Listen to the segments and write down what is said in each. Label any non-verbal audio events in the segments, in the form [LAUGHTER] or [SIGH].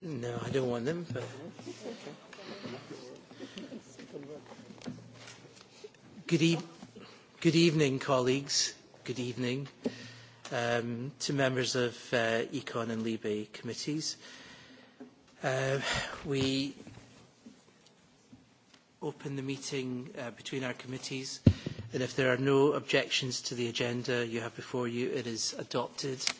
No, I don't want them. But... Good, e- good evening, colleagues. Good evening um, to members of uh, Econ and Libe committees. Uh, we open the meeting uh, between our committees, and if there are no objections to the agenda you have before you, it is adopted. Uh,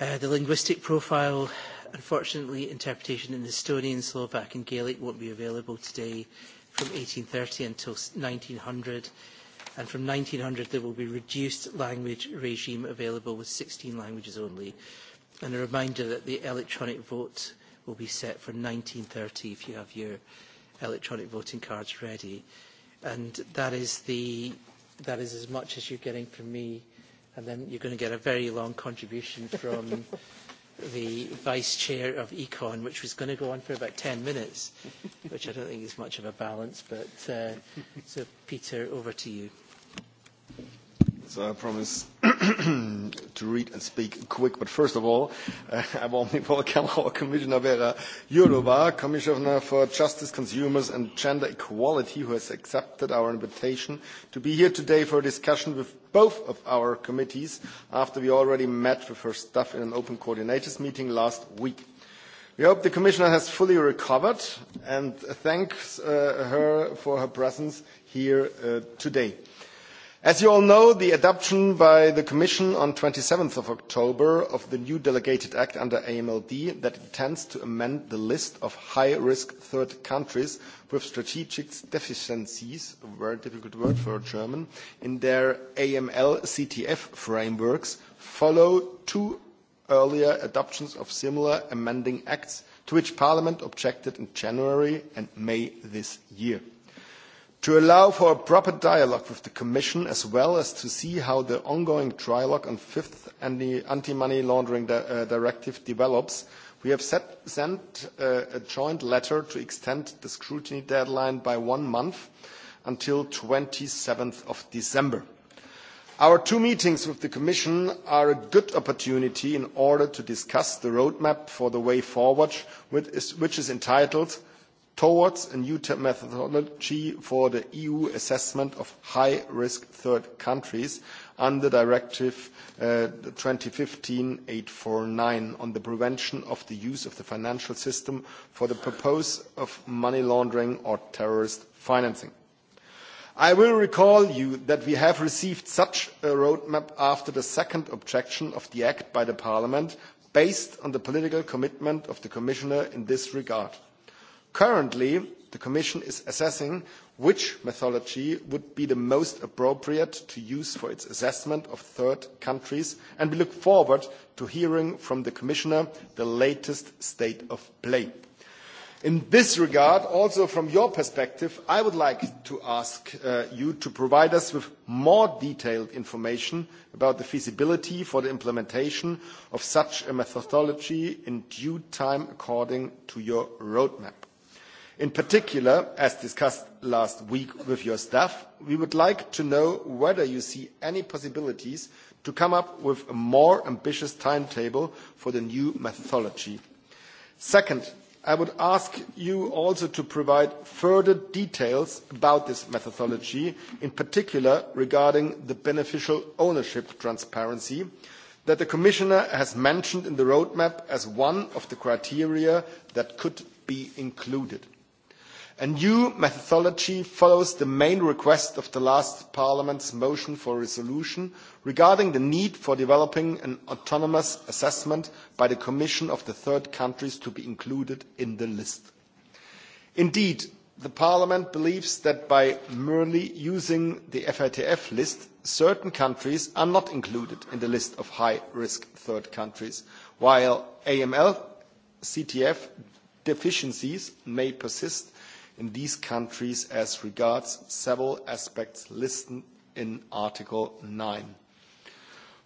Uh, the linguistic profile, unfortunately, interpretation in Estonian, Slovak and Gaelic won't be available today from 1830 until 1900. And from 1900, there will be reduced language regime available with 16 languages only. And a reminder that the electronic vote will be set for 1930 if you have your electronic voting cards ready. And that is, the, that is as much as you're getting from me and then you're going to get a very long contribution from the vice chair of econ, which was going to go on for about 10 minutes, which I don't think is much of a balance. But uh, so, Peter, over to you. So I promise [CLEARS THROAT] to read and speak quick. But first of all, uh, I want to welcome our Commissioner Vera Jourova, Commissioner for Justice, Consumers and Gender Equality, who has accepted our invitation to be here today for a discussion with both of our committees after we already met with her staff in an open coordinators meeting last week. We hope the Commissioner has fully recovered and thank uh, her for her presence here uh, today as you all know the adoption by the commission on twenty seven october of the new delegated act under amld that intends to amend the list of high risk third countries with strategic deficiencies a very difficult word for a german in their aml ctf frameworks followed two earlier adoptions of similar amending acts to which parliament objected in january and may this year to allow for a proper dialogue with the commission as well as to see how the ongoing trilogue on fifth and the anti money laundering di- uh, directive develops we have set, sent uh, a joint letter to extend the scrutiny deadline by one month until 27th of december our two meetings with the commission are a good opportunity in order to discuss the roadmap for the way forward which is, which is entitled towards a new methodology for the eu assessment of high risk third countries under directive two thousand and fifteen eight hundred and forty nine on the prevention of the use of the financial system for the purpose of money laundering or terrorist financing. i will recall you that we have received such a roadmap after the second objection of the act by the parliament based on the political commitment of the commissioner in this regard currently the commission is assessing which methodology would be the most appropriate to use for its assessment of third countries and we look forward to hearing from the commissioner the latest state of play. in this regard also from your perspective i would like to ask uh, you to provide us with more detailed information about the feasibility for the implementation of such a methodology in due time according to your roadmap. In particular, as discussed last week with your staff, we would like to know whether you see any possibilities to come up with a more ambitious timetable for the new methodology. Second, I would ask you also to provide further details about this methodology, in particular regarding the beneficial ownership transparency that the commissioner has mentioned in the roadmap as one of the criteria that could be included. A new methodology follows the main request of the last Parliament's motion for a resolution regarding the need for developing an autonomous assessment by the Commission of the third countries to be included in the list. Indeed, the Parliament believes that by merely using the FATF list, certain countries are not included in the list of high risk third countries, while AML CTF deficiencies may persist in these countries as regards several aspects listed in Article 9.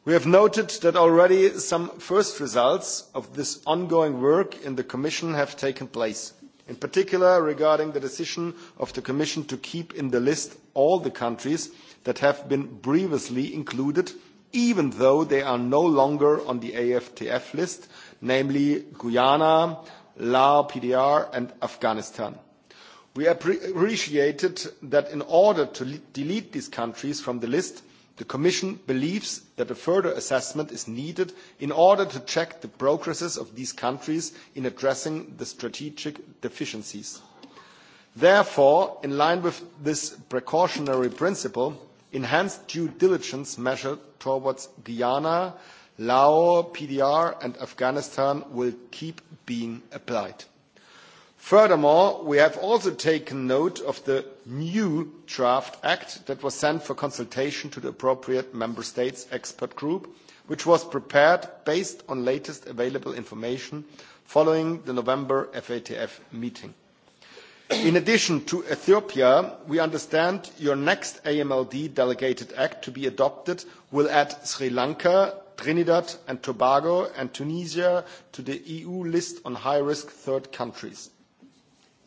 We have noted that already some first results of this ongoing work in the Commission have taken place, in particular regarding the decision of the Commission to keep in the list all the countries that have been previously included, even though they are no longer on the AFTF list, namely Guyana, Laos PDR and Afghanistan we appreciated that in order to delete these countries from the list the commission believes that a further assessment is needed in order to check the progress of these countries in addressing the strategic deficiencies. therefore in line with this precautionary principle enhanced due diligence measures towards guyana laos pdr and afghanistan will keep being applied furthermore we have also taken note of the new draft act that was sent for consultation to the appropriate member states expert group which was prepared based on latest available information following the november fatf meeting. in addition to ethiopia we understand your next amld delegated act to be adopted will add sri lanka trinidad and tobago and tunisia to the eu list on high risk third countries.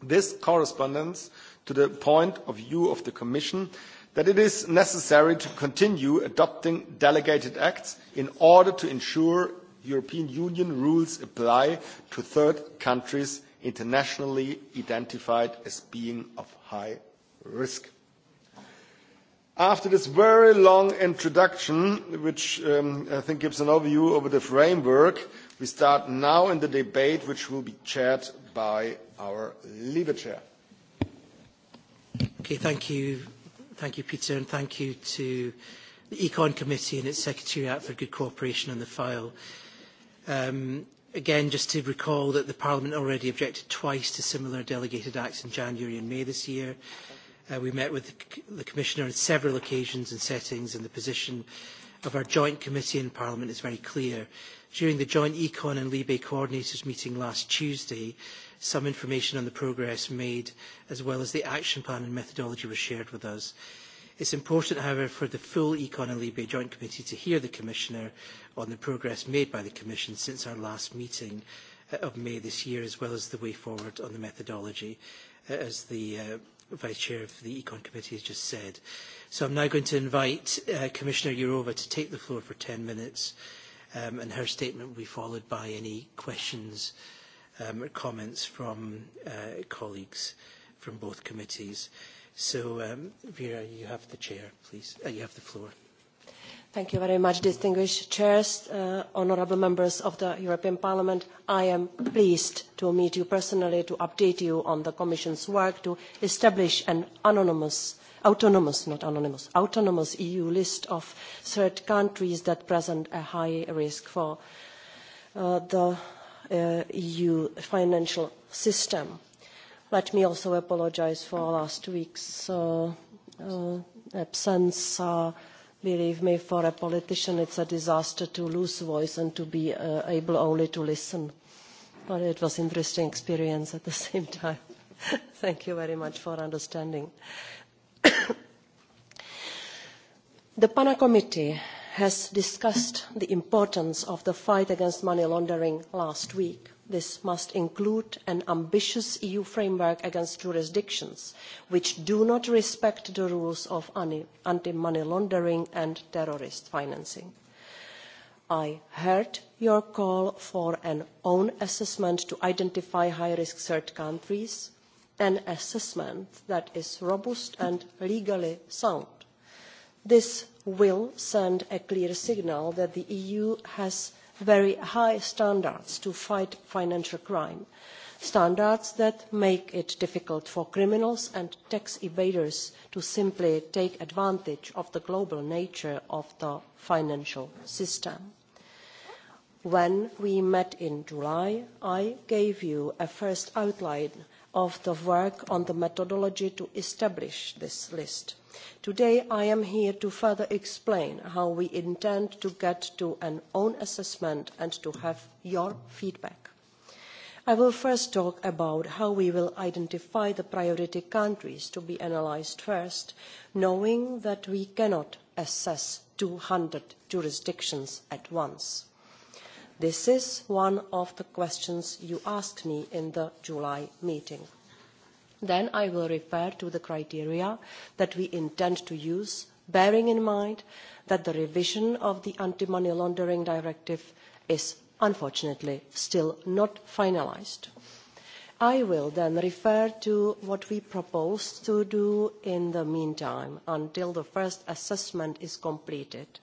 This corresponds to the point of view of the Commission that it is necessary to continue adopting delegated acts in order to ensure European Union rules apply to third countries internationally identified as being of high risk. After this very long introduction, which um, I think gives an overview over the framework, we start now in the debate which will be chaired by our Labour Chair. Okay, thank you. Thank you, Peter, and thank you to the Econ Committee and its Secretariat for good cooperation on the file. Um, again, just to recall that the Parliament already objected twice to similar delegated acts in January and May this year. Uh, we met with the, the Commissioner on several occasions and settings, and the position of our joint committee in Parliament is very clear. During the joint Econ and Libe coordinators meeting last Tuesday, some information on the progress made as well as the action plan and methodology was shared with us. It's important, however, for the full Econ and Libe Joint Committee to hear the Commissioner on the progress made by the Commission since our last meeting uh, of May this year, as well as the way forward on the methodology, uh, as the uh, Vice Chair of the Econ Committee has just said. So I'm now going to invite uh, Commissioner Yurova to take the floor for 10 minutes uh, um, and her statement will be followed by any questions um, or comments from uh, colleagues from both committees. So, um, Vera, you have the chair, please. Uh, you have the floor. Thank you very much, distinguished chairs, uh, honourable members of the European Parliament. I am pleased to meet you personally to update you on the Commission's work to establish an anonymous uh, autonomous not anonymous autonomous eu list of third countries that present a high risk for uh, the uh, eu financial system. let me also apologise for last week's uh, absence. believe me for a politician it is a disaster to lose voice and to be able only to listen but it was an interesting experience at the [LAUGHS] same time. thank you very much for understanding the pana committee discussed the importance of the fight against money laundering last week. this must include an ambitious eu framework against jurisdictions which do not respect the rules of anti money laundering and terrorist financing. i heard your call for an own assessment to identify high risk third countries an assessment that is robust and legally sound this will send a clear signal that the eu has very high standards to fight financial crime standards that make it difficult for criminals and tax evaders to simply take advantage of the global nature of the financial system. when we met in july i gave you a first outline of the work on the methodology to establish this list. today i am here to further explain how we intend to get to an own assessment and to have your feedback. i will first talk about how we will identify the priority countries to be analysed first knowing that we cannot assess two hundred jurisdictions at once this is one of the questions you asked me in the july meeting. then i will refer to the criteria that we intend to use bearing in mind that the revision of the anti money laundering directive is unfortunately still not finalised. i will then refer to what we propose to do in the meantime until the first assessment is completed.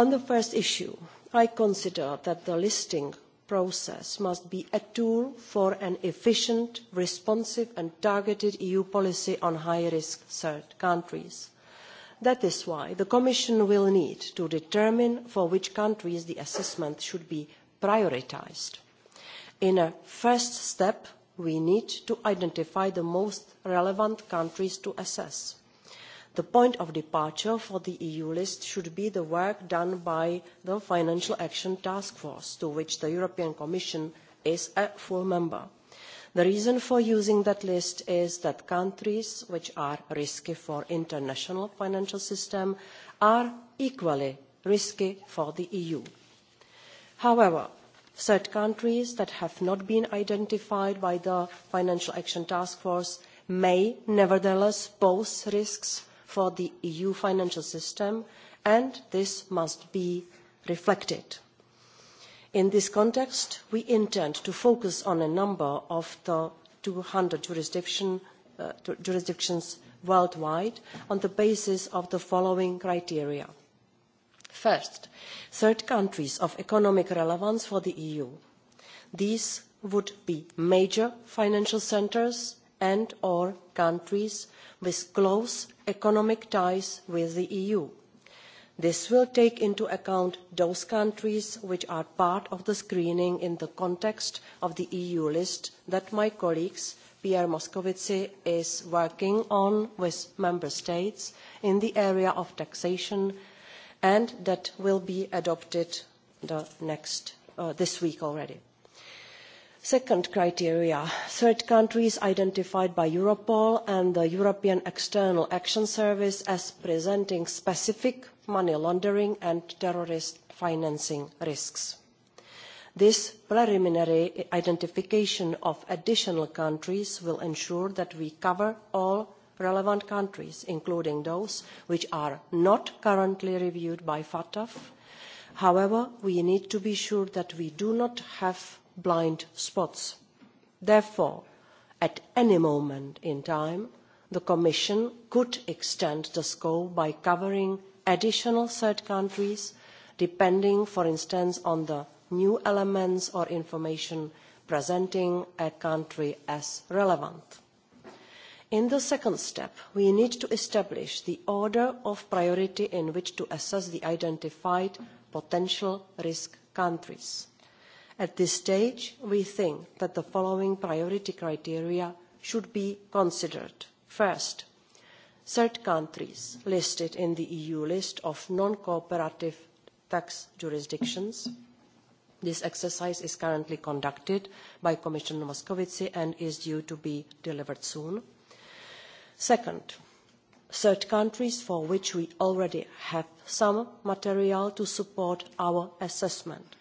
on the first issue i consider that the listing process must be a tool for an efficient responsive and targeted eu policy on high risk third countries. that is why the commission will need to determine for which countries the assessment should be prioritised. in a first step we need to identify the most relevant countries to assess the point of departure for the eu list should be the work done by the financial action task force to which the european commission is a full member. the reason for using that list is that countries which are risky for the international financial system are equally risky for the eu. however third countries that have not been identified by the financial action task force may nevertheless pose risks for the eu financial system and this must be reflected. in this context we intend to focus on a number of the two hundred uh, jurisdictions worldwide on the basis of the following criteria first third countries of economic relevance for the eu. these would be major financial centres and or countries with close economic ties with the eu. this will take into account those countries which are part of the screening in the context of the eu list that my colleague pierre moscovici is working on with member states in the area of taxation and that will be adopted uh, this week already second criteria third countries identified by europol and the european external action service as presenting specific money laundering and terrorist financing risks. this preliminary identification of additional countries will ensure that we cover all relevant countries including those which are not currently reviewed by fatf. however we need to be sure that we do not have blind spots. therefore at any moment in time the commission could extend the scope by covering additional third countries depending for instance on the new elements or information presenting a country as relevant. in the second step we need to establish the order of priority in which to assess the identified potential risk countries at this stage we think that the following priority criteria should be considered first third countries listed in the eu list of non cooperative tax jurisdictions this exercise is currently conducted by commissioner moscovici and is due to be delivered soon; second third countries for which we already have some material to support our assessment;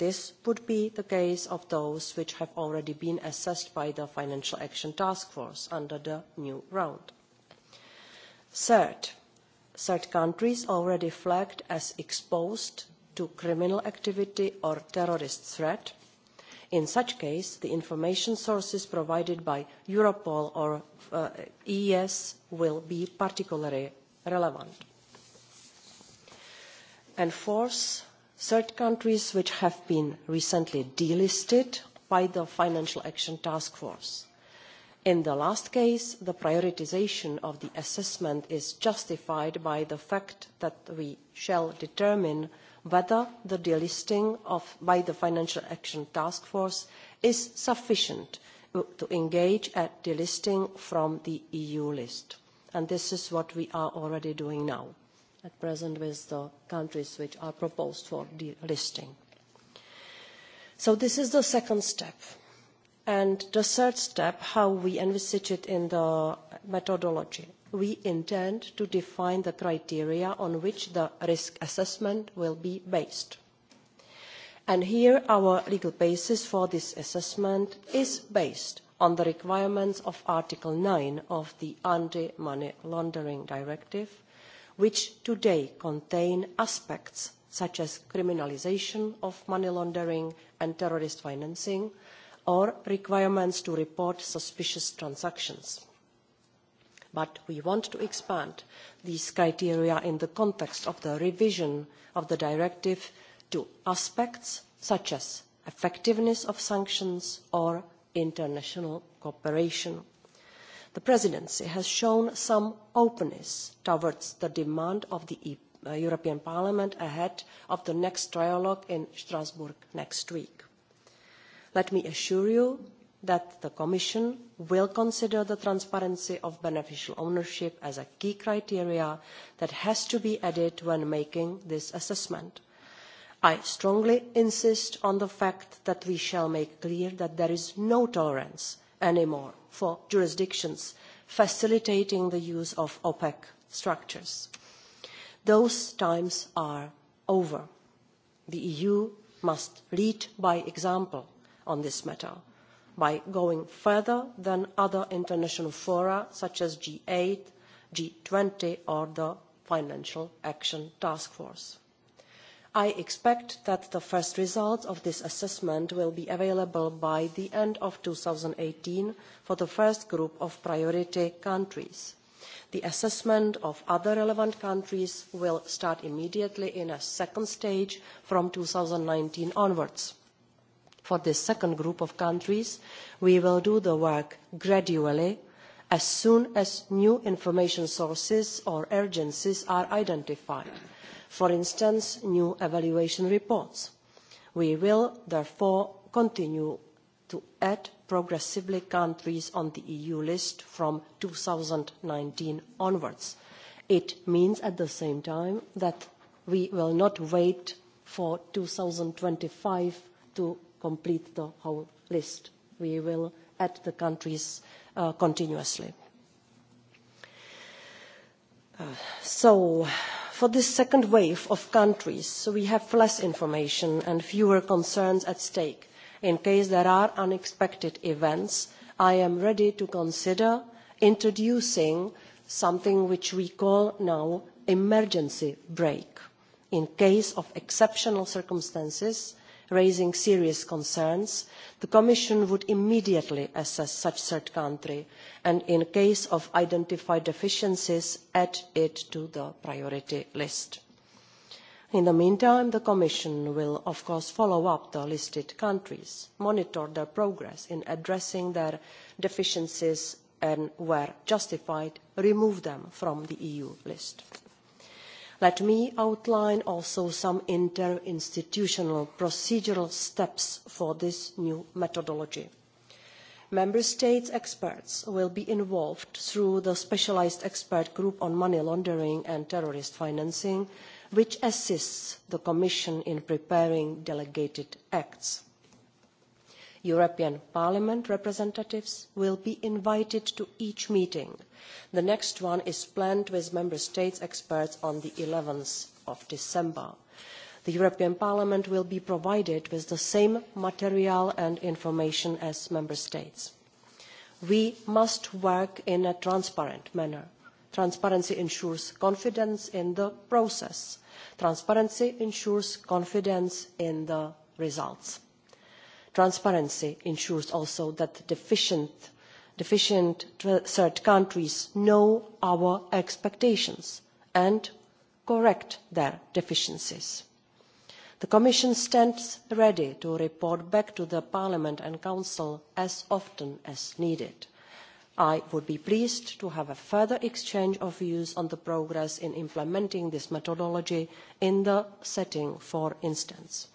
this would be the case of those which have already been assessed by the financial action task force under the new round. third third countries already flagged as exposed to criminal activity or terrorist threat in such case the information sources provided by europol or uh, ees will be particularly relevant. and fourth third countries which have been recently delisted by the financial action task force. in the last case the prioritisation of the assessment is justified by the fact that we shall determine whether the delisting by the financial action task force is sufficient to engage a delisting from the eu list and this is what we are already doing now at present with the countries which are proposed for delisting. So this is the second step. And the third step, how we envisage it in the methodology. We intend to define the criteria on which the risk assessment will be based. And here our legal basis for this assessment is based on the requirements of Article 9 of the Anti-Money Laundering Directive which today contain aspects such as criminalisation of money laundering and terrorist financing or requirements to report suspicious transactions. but we want to expand these criteria in the context of the revision of the directive to aspects such as effectiveness of sanctions or international cooperation the presidency has shown some openness towards the demand of the e- uh, european parliament ahead of the next trialogue in strasbourg next week. let me assure you that the commission will consider the transparency of beneficial ownership as a key criterion that has to be added when making this assessment. i strongly insist on the fact that we shall make clear that there is no tolerance anymore for jurisdictions facilitating the use of opaque structures. those times are over. the eu must lead by example on this matter by going further than other international fora such as the g eight g twenty or the financial action task force i expect that the first results of this assessment will be available by the end of two thousand and eighteen for the first group of priority countries. the assessment of other relevant countries will start immediately in a second stage from two thousand and nineteen onwards. for this second group of countries we will do the work gradually as soon as new information sources or urgencies are identified for instance new evaluation reports. we will therefore continue to add progressively countries on the eu list from two thousand and nineteen onwards. it means at the same time that we will not wait for two thousand and twenty five to complete the whole list. we will add the countries uh, continuously. Uh, for this second wave of countries we have less information and fewer concerns at stake. in case there are unexpected events i am ready to consider introducing something which we are calling emergency brake' in case of exceptional circumstances raising serious concerns the commission would immediately assess such a third country and in case of identified deficiencies add it to the priority list. in the meantime the commission will of course follow up the listed countries monitor their progress in addressing their deficiencies and where justified remove them from the eu list let me outline also some interinstitutional procedural steps for this new methodology. member states' experts will be involved through the specialised expert group on money laundering and terrorist financing which assists the commission in preparing delegated acts european parliament representatives will be invited to each meeting the next one is planned with member states' experts on eleven december. the european parliament will be provided with the same material and information as member states. we must work in a transparent manner. transparency ensures confidence in the process. transparency ensures confidence in the results transparency ensures also that deficient third countries know our expectations and correct their deficiencies. the commission stands ready to report back to parliament and council as often as needed. i would be pleased to have a further exchange of views on the progress in implementing this methodology in the setting for instance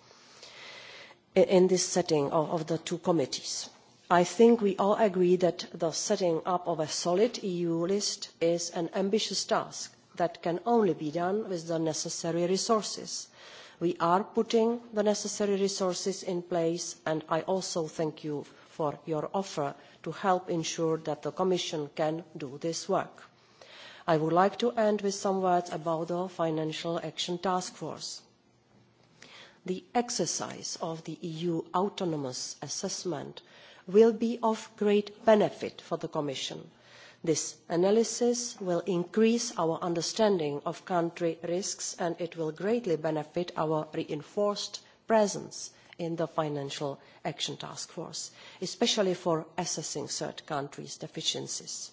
in this setting of the two committees. i think we all agree that the setting up of a solid eu list is an ambitious task that can only be done with the necessary resources. we are putting the necessary resources in place and i also thank you for your offer to help ensure that the commission can do this work. i would like to end with some words about the financial action task force the exercise of the eu autonomous assessment will be of great benefit for the commission. this analysis will increase our understanding of country risks and it will greatly benefit our reinforced presence in the financial action task force especially for assessing third countries' deficiencies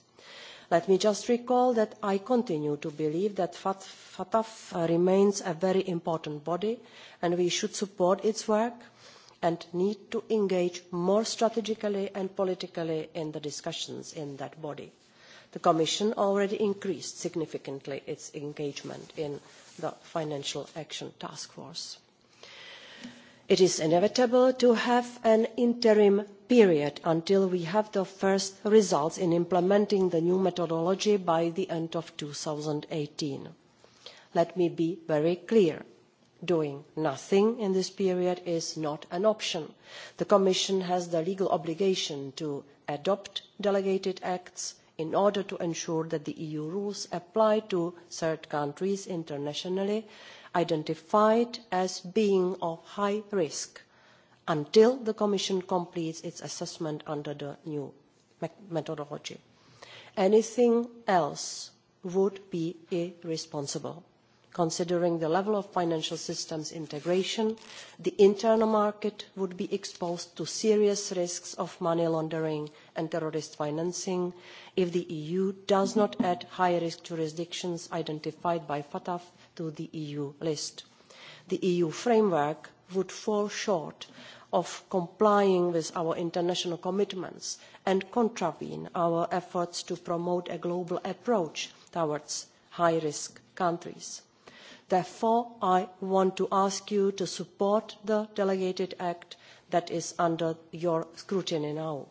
let me just recall that i continue to believe that fatf remains a very important body and we should support its work and need to engage more strategically and politically in the discussions in that body. the commission already increased significantly its engagement in the financial action task force it is inevitable to have an interim period until we have the first results in implementing the new methodology by the end of. two thousand and eighteen let me be very clear doing nothing in this period is not an option. the commission has the legal obligation to adopt delegated acts in order to ensure that the eu rules apply to third countries internationally and identified as being of high risk until the commission completes its assessment under the new methodology. anything else would be irresponsible considering the level of financial systems integration the internal market would be exposed to serious risks of money laundering and terrorist financing if the eu does not add high risk jurisdictions identified by fatf to the eu list. the eu framework would fall short of complying with our international commitments and contravene our efforts to promote a global approach towards high risk countries. therefore i want to ask you to support the delegated act that is under your scrutiny now.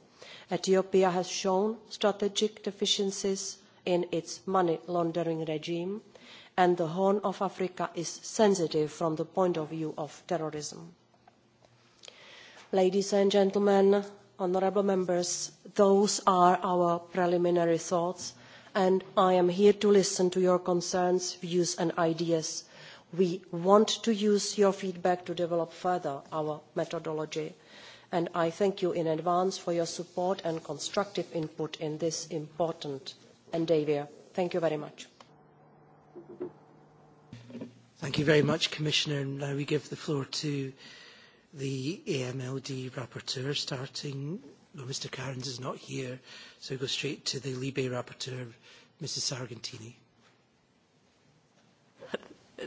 ethiopia has shown strategic deficiencies in its money laundering regime and the horn of africa is sensitive from the point of view of terrorism. ladies and gentlemen honourable members those are our preliminary thoughts and i am here to listen to your concerns views and ideas. we want to use your feedback to develop further our methodology and i thank you in advance for your support and constructive input in this important endeavour. thank you very much. Thank you very much, Commissioner. Now we give the floor to the AMLD rapporteur, starting. Well, Mr. Cairns is not here, so we go straight to the Libe rapporteur, Mrs. Sargentini.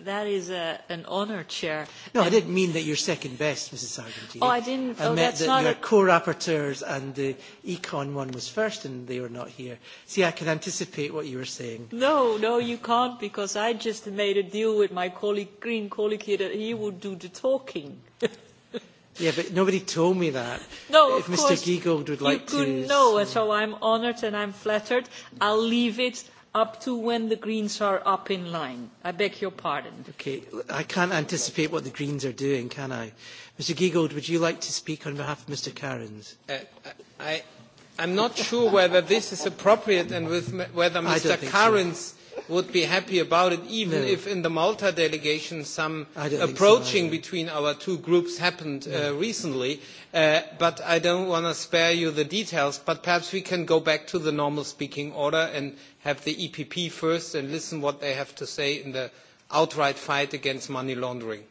That is a, an honour, Chair. No, um, I didn't mean that you're second best, Mrs Sargentini. Oh, I didn't. I oh, meant that's that your co-rapporteurs and the Econ one was first and they were not here. See, I can anticipate what you were saying. No, no, you can't because I just made a deal with my colleague, green colleague here that he would do the talking. [LAUGHS] Yeah, but nobody told me that. No, if of Mr. Giegold would like you to. No, so I'm honoured and I'm flattered. I'll leave it up to when the Greens are up in line. I beg your pardon. Okay, I can't anticipate what the Greens are doing, can I? Mr Giggold, would you like to speak on behalf of Mr Cairns? Uh, I, I'm not sure whether this is appropriate and with, whether Mr Cairns so. would be happy about it, even no. if in the Malta delegation some approaching so between our two groups happened uh, no. uh, recently. Uh, but I don't want to spare you the details, but perhaps we can go back to the normal speaking order and have the EPP first and listen what they have to say in the outright fight against money laundering.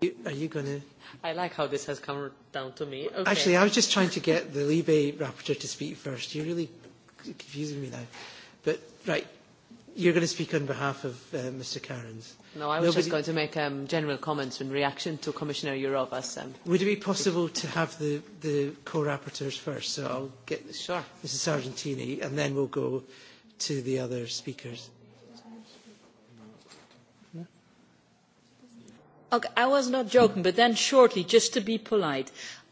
You, are you going to? I like how this has come down to me. Okay. Actually, I was just trying to get the Libe rapporteur to speak first. You're really confusing me now. But right, you're going to speak on behalf of uh, Mr. Cairns. No, I was Nobody... just going to make um, general comments in reaction to Commissioner Yorovas. Um... Would it be possible to have the, the co-rapporteurs first? So I'll get sure. Mrs. Sargentini, and then we'll go to the other speakers. Okay, I was not joking, but then shortly, just to be polite,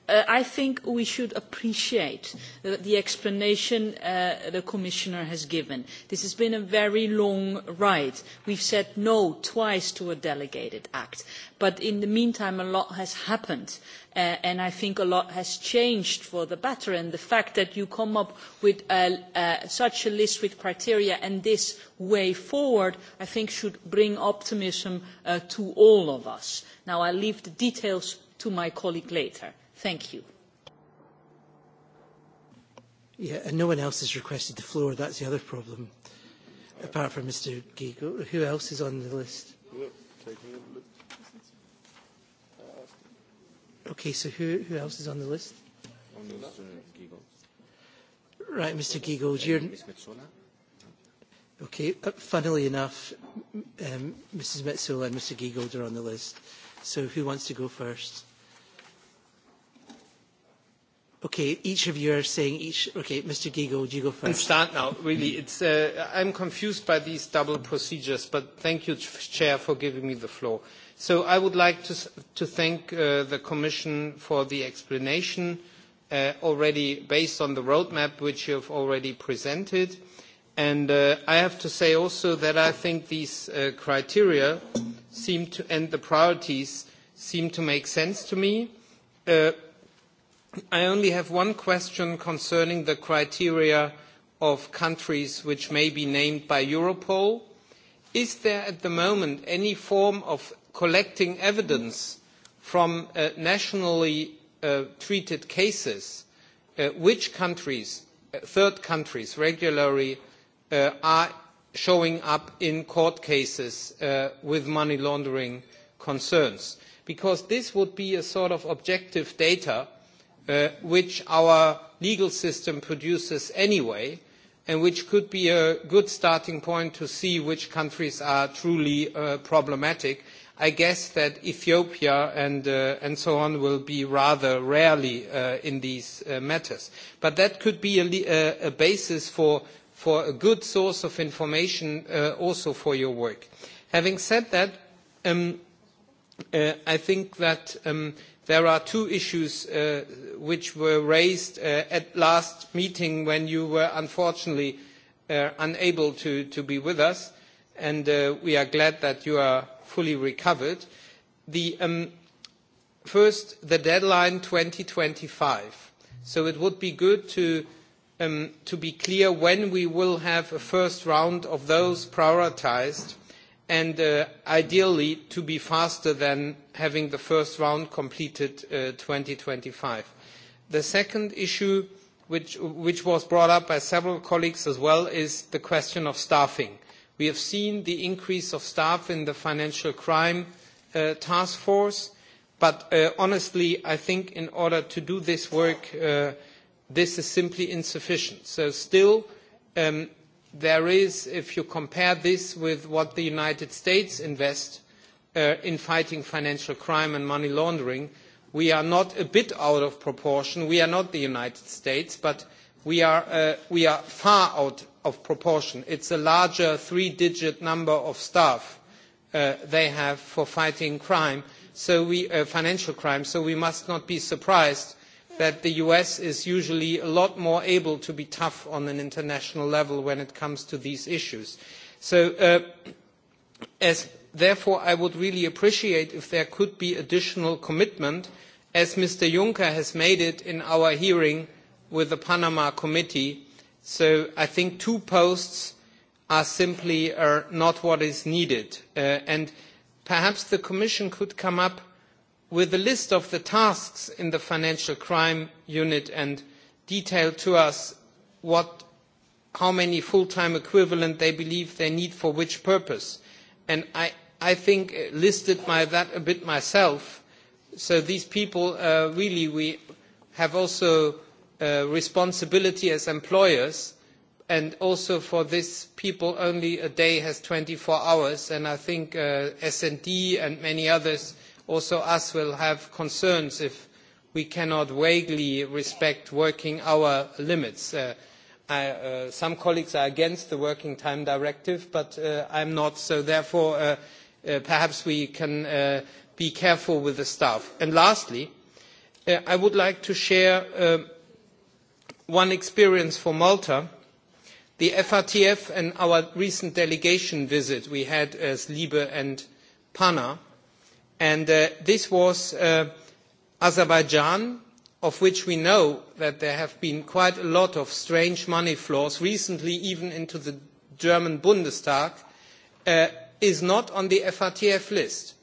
Uh, I think we should appreciate the, uh, the explanation uh, the Commissioner has given. This has been a very long ride. We've said no twice to a delegated act. But in the meantime, a lot has happened. Uh, and I think a lot has changed for the better. And the fact that you come up with a, uh, such a list with criteria and this way forward, I think should bring optimism uh, to all of us. Now, I'll leave the details to my colleague later. Thank you. Yeah, and no one else has requested the floor. That's the other problem. Apart from Mr. Giegel, who else is on the list? Okay, so who, who else is on the list? Right, Mr. Giegel, you're. Okay, uh, funnily enough, um, Mrs. Metzola and Mr. Giegel are on the list. So who wants to go first? Okay, each of you are saying each. Okay, Mr. Giegel, would you go first? And start now, really. It's, uh, I'm confused by these double procedures, but thank you, Chair, for giving me the floor. So I would like to, to thank uh, the Commission for the explanation uh, already based on the roadmap which you have already presented. And uh, I have to say also that I think these uh, criteria seem to, and the priorities seem to make sense to me. Uh, I only have one question concerning the criteria of countries which may be named by Europol. Is there at the moment any form of collecting evidence from uh, nationally uh, treated cases uh, which countries, uh, third countries, regularly uh, are showing up in court cases uh, with money laundering concerns? Because this would be a sort of objective data Uh, which our legal system produces anyway, and which could be a good starting point to see which countries are truly uh, problematic. I guess that Ethiopia and, uh, and so on will be rather rarely uh, in these uh, matters. But that could be a, le- uh, a basis for, for a good source of information uh, also for your work. Having said that, um, uh, I think that um, there are two issues uh, which were raised uh, at last meeting when you were unfortunately uh, unable to, to be with us, and uh, we are glad that you are fully recovered. The, um, first, the deadline 2025. So it would be good to, um, to be clear when we will have a first round of those prioritized and uh, ideally to be faster than having the first round completed uh, 2025. The second issue, which, which was brought up by several colleagues as well, is the question of staffing. We have seen the increase of staff in the financial crime uh, task force, but uh, honestly, I think in order to do this work, uh, this is simply insufficient. So still, um, there is, if you compare this with what the United States invests uh, in fighting financial crime and money laundering, we are not a bit out of proportion. We are not the United States, but we are, uh, we are far out of proportion. It's a larger three-digit number of staff uh, they have for fighting crime, so we, uh, financial crime, so we must not be surprised that the us is usually a lot more able to be tough on an international level when it comes to these issues. Uh, therefore i would really appreciate if there could be additional commitment as mr juncker has made it in our hearing with the panama committee. so i think two posts are simply uh, not what is needed uh, and perhaps the commission could come up with a list of the tasks in the financial crime unit and detail to us how many full time equivalents they believe they need for which purpose. i think i uh, listed that a bit myself so these people uh, really we have also a uh, responsibility as employers and also for these people only a day has twenty four hours and i think s d and many others also us will have concerns if we cannot vaguely respect working hour limits. Uh, I, uh, some colleagues are against the working time directive, but uh, I'm not, so therefore uh, uh, perhaps we can uh, be careful with the staff. And lastly, uh, I would like to share uh, one experience for Malta. The FRTF and our recent delegation visit we had as Liebe and PANA, And uh, this was uh, Azerbaijan, of which we know that there have been quite a lot of strange money flows recently, even into the German Bundestag, uh, is not on the FRTF list.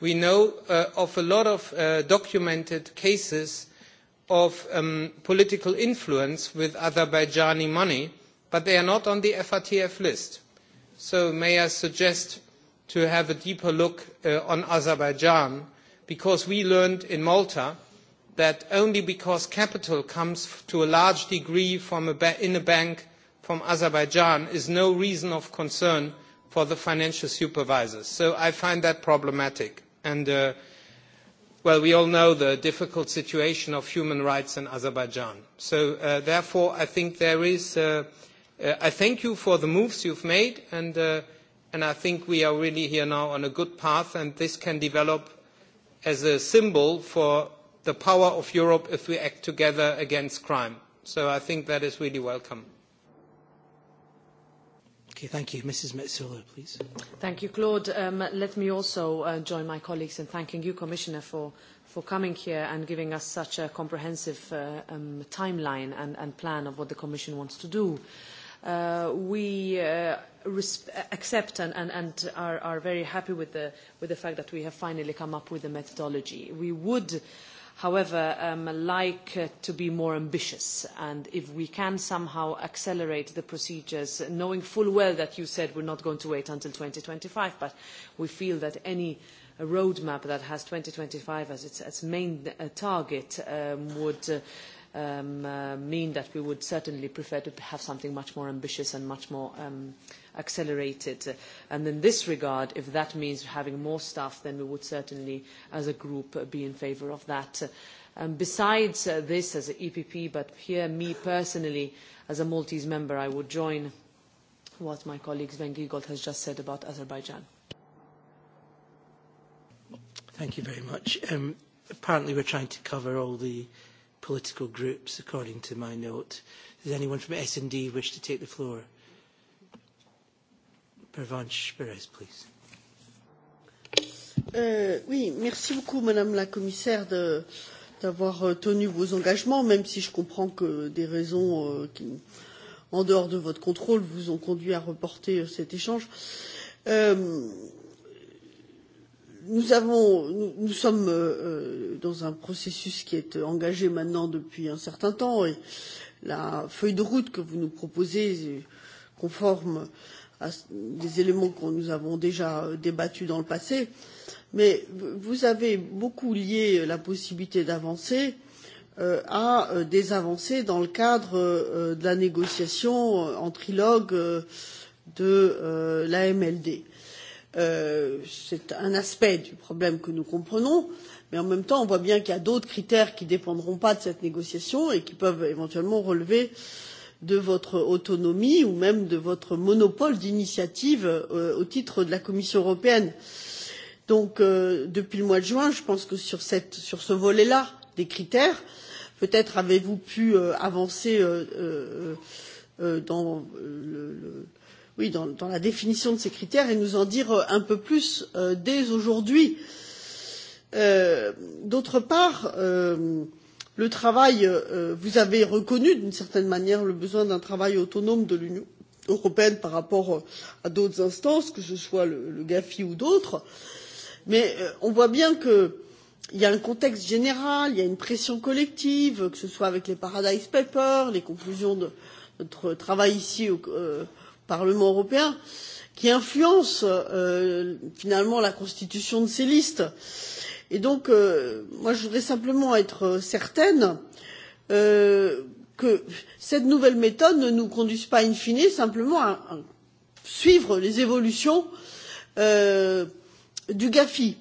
We know uh, of a lot of uh, documented cases of um, political influence with Azerbaijani money, but they are not on the FRTF list. So may I suggest to have a deeper look uh, on Azerbaijan because we learned in Malta that only because capital comes to a large degree from a ba- in a bank from Azerbaijan is no reason of concern for the financial supervisors. So I find that problematic. And, uh, well, we all know the difficult situation of human rights in Azerbaijan. So uh, therefore, I think there is, uh, uh, I thank you for the moves you've made and uh, and i think we are really here now on a good path and this can develop as a symbol for the power of europe if we act together against crime so i think that is really welcome Okay, thank you. Mrs. Metzola, please. Thank you, Claude. Um, let me also uh, join my colleagues in thanking you, Commissioner, for, for coming here and giving us such a comprehensive uh, um, timeline and, and plan of what the Commission wants to do. Uh, uh, we uh, resp- accept and, and, and are, are very happy with the, with the fact that we have finally come up with a methodology. We would, however, um, like uh, to be more ambitious, and if we can somehow accelerate the procedures, knowing full well that you said we're not going to wait until 2025, but we feel that any a roadmap that has 2025 as its, its main uh, target um, would uh, um, uh, mean that we would certainly prefer to have something much more ambitious and much more um, accelerated. And in this regard, if that means having more staff, then we would certainly, as a group, uh, be in favour of that. Uh, um, besides uh, this as an EPP, but here me personally, as a Maltese member, I would join what my colleague Sven Giegold has just said about Azerbaijan. Thank you very much. Um, apparently we're trying to cover all the uh, political groups, according to my note. Does anyone from S&D wish to take the floor? Pervanche Perez, please. Euh, oui, merci beaucoup, Madame la Commissaire, d'avoir euh, tenu vos engagements, même si je comprends que des raisons euh, qui, en dehors de votre contrôle, vous ont conduit à reporter euh, cet échange. Euh, nous avons nous, nous sommes euh, euh dans un processus qui est euh, engagé maintenant depuis un certain temps et la feuille de route que vous nous proposez est euh, conforme à des éléments que nous avons déjà débattus dans le passé mais vous avez beaucoup lié la possibilité d'avancer euh, à euh, des avancées dans le cadre euh, de la négociation euh, en trilogue euh, de euh, la MLD. Euh, Euh, c'est un aspect du problème que nous comprenons mais en même temps on voit bien qu'il y a d'autres critères qui ne dépendront pas de cette négociation et qui peuvent éventuellement relever de votre autonomie ou même de votre monopole d'initiative euh, au titre de la commission européenne. donc euh, depuis le mois de juin je pense que sur, cette, sur ce volet là des critères peut être avez vous pu avancer dans le, le, dans la définition de ces critères et nous en dire euh, un peu plus euh, dès aujourd'hui. Euh, d'autre part le travail vous avez reconnu d'une certaine manière le besoin d'un travail autonome de l'union européenne par rapport à d'autres instances que ce soit le gafi ou d'autres mais on voit bien qu'il y a un contexte général il y a une pression collective que ce soit avec les paradise papers les conclusions de notre travail ici au, euh, Parlement européen, qui influence euh, finalement la constitution de ces listes. Et donc, euh, moi, je voudrais simplement être euh, certaine euh, que cette nouvelle méthode ne nous conduise pas, in fine, simplement à, à suivre les évolutions euh, du GAFI.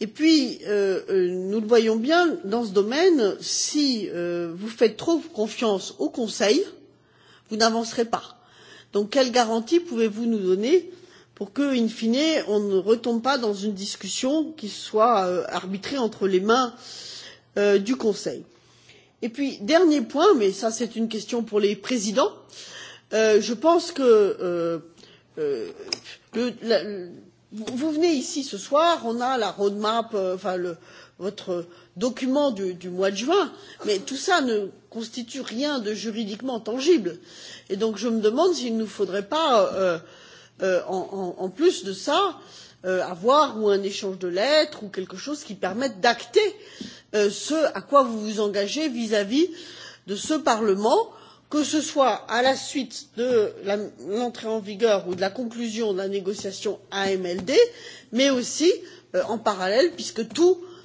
Et puis, euh, euh, nous le voyons bien, dans ce domaine, si euh, vous faites trop confiance au Conseil, vous n'avancerez pas donc quelles garanties pouvez vous nous donner pour que, in fine, on ne retombe pas dans une discussion qui soit euh, arbitrée entre les mains euh, du Conseil? Et puis, dernier point, mais ça c'est une question pour les présidents, euh, je pense que euh, euh, le, la, vous, vous venez ici ce soir, on a la roadmap, euh, enfin le, votre document du, du mois de juin, mais tout ça ne constitue rien de juridiquement tangible et donc je me demande s'il ne faudrait pas euh, euh, en, en plus de cela euh, avoir ou un échange de lettres ou quelque chose qui permette d'acter euh, ce à quoi vous vous engagez vis à vis de ce parlement que ce soit à la suite de l'entrée en vigueur ou de la conclusion de la négociation amld mais aussi euh, en parallèle puisque tout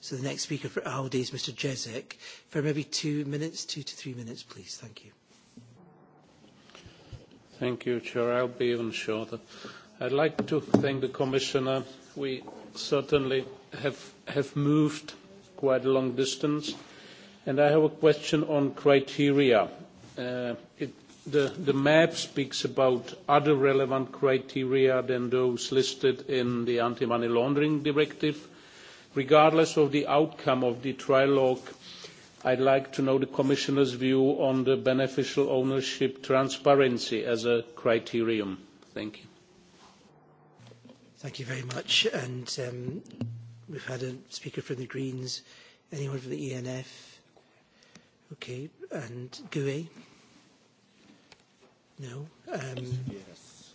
So the next speaker for Aldi is Mr. Jezek. For maybe two minutes, two to three minutes, please. Thank you. Thank you, Chair. I'll be even shorter. I'd like to thank the Commissioner. We certainly have, have moved quite a long distance. And I have a question on criteria. Uh, it, the, the map speaks about other relevant criteria than those listed in the anti-money laundering directive regardless of the outcome of the trilogue, I'd like to know the Commissioner's view on the beneficial ownership transparency as a criterion. Thank you. Thank you very much. And um, we've had a speaker from the Greens. Anyone from the ENF? Okay. And GUE? No? Um, yes.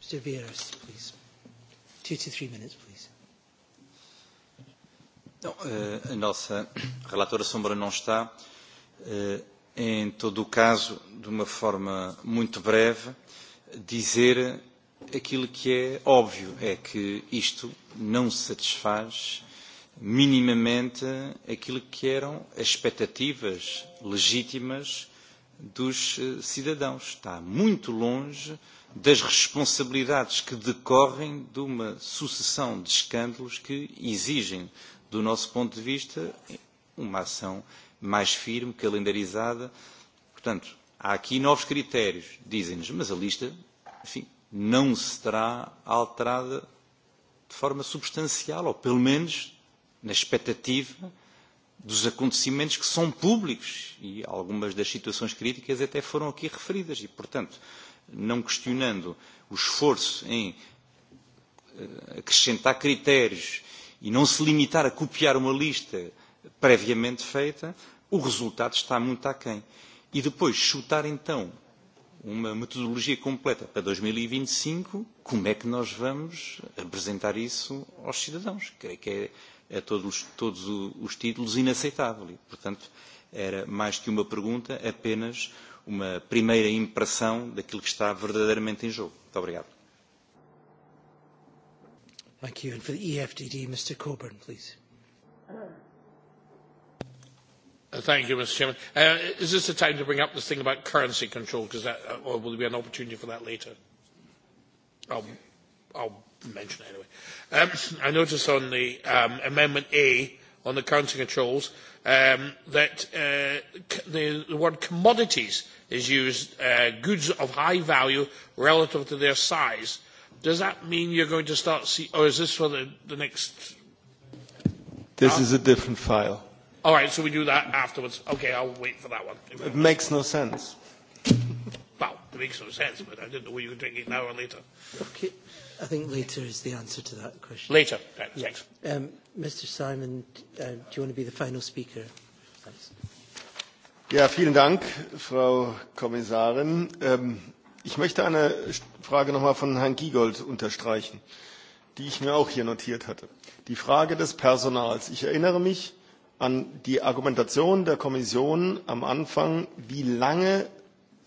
Mr. Vieras, please. Two to three minutes, please. No, eh, nossa relatora Sombra não está. Eh, em todo o caso, de uma forma muito breve, dizer aquilo que é óbvio, é que isto não satisfaz minimamente aquilo que eram expectativas legítimas dos eh, cidadãos. Está muito longe das responsabilidades que decorrem de uma sucessão de escândalos que exigem do nosso ponto de vista, uma ação mais firme, calendarizada. Portanto, há aqui novos critérios, dizem-nos, mas a lista, enfim, não será alterada de forma substancial, ou pelo menos na expectativa dos acontecimentos que são públicos e algumas das situações críticas até foram aqui referidas. E, portanto, não questionando o esforço em eh, acrescentar critérios e não se limitar a copiar uma lista previamente feita, o resultado está muito aquém. E depois chutar então uma metodologia completa para 2025, e e como é que nós vamos apresentar isso aos cidadãos? Creio que é a todos, todos os títulos inaceitável. E, portanto, era mais que uma pergunta, apenas uma primeira impressão daquilo que está verdadeiramente em jogo. Muito obrigado. Thank you. And for the EFDD, Mr Coburn, please. Uh, thank you, Mr Chairman. Uh, is this the time to bring up this thing about currency control? Because that uh, or will there be an opportunity for that later. I'll, I'll mention it anyway. Um, I noticed on the um, Amendment A on the currency controls um, that uh, the, the word commodities is used, uh, goods of high value relative to their size. Uh, does that mean you're going to start see or is this for the, the next this uh, is a different file all right so we do that afterwards okay i'll wait for that one it makes no sense [LAUGHS] well it makes no sense but i didn't know you were doing it now or later okay i think later is the answer to that question later right, yes. um mr simon uh, do you want to be the final speaker thanks Ja, vielen Dank, Frau Kommissarin. Ähm, Ich möchte eine Frage noch einmal von Herrn Giegold unterstreichen, die ich mir auch hier notiert hatte. Die Frage des Personals. Ich erinnere mich an die Argumentation der Kommission am Anfang, wie lange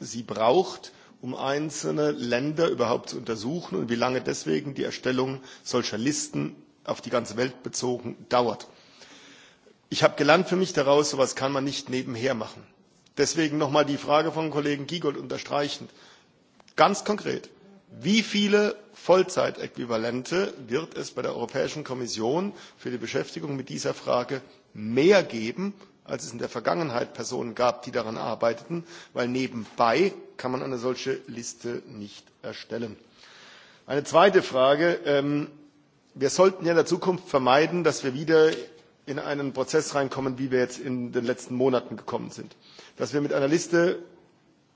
sie braucht, um einzelne Länder überhaupt zu untersuchen und wie lange deswegen die Erstellung solcher Listen auf die ganze Welt bezogen dauert. Ich habe gelernt für mich daraus, sowas kann man nicht nebenher machen. Deswegen nochmal die Frage von Kollegen Giegold unterstreichend ganz konkret wie viele vollzeitäquivalente wird es bei der europäischen kommission für die beschäftigung mit dieser frage mehr geben als es in der vergangenheit personen gab die daran arbeiteten weil nebenbei kann man eine solche liste nicht erstellen. eine zweite frage ähm, wir sollten ja in der zukunft vermeiden dass wir wieder in einen prozess hineinkommen wie wir jetzt in den letzten monaten gekommen sind dass wir mit einer liste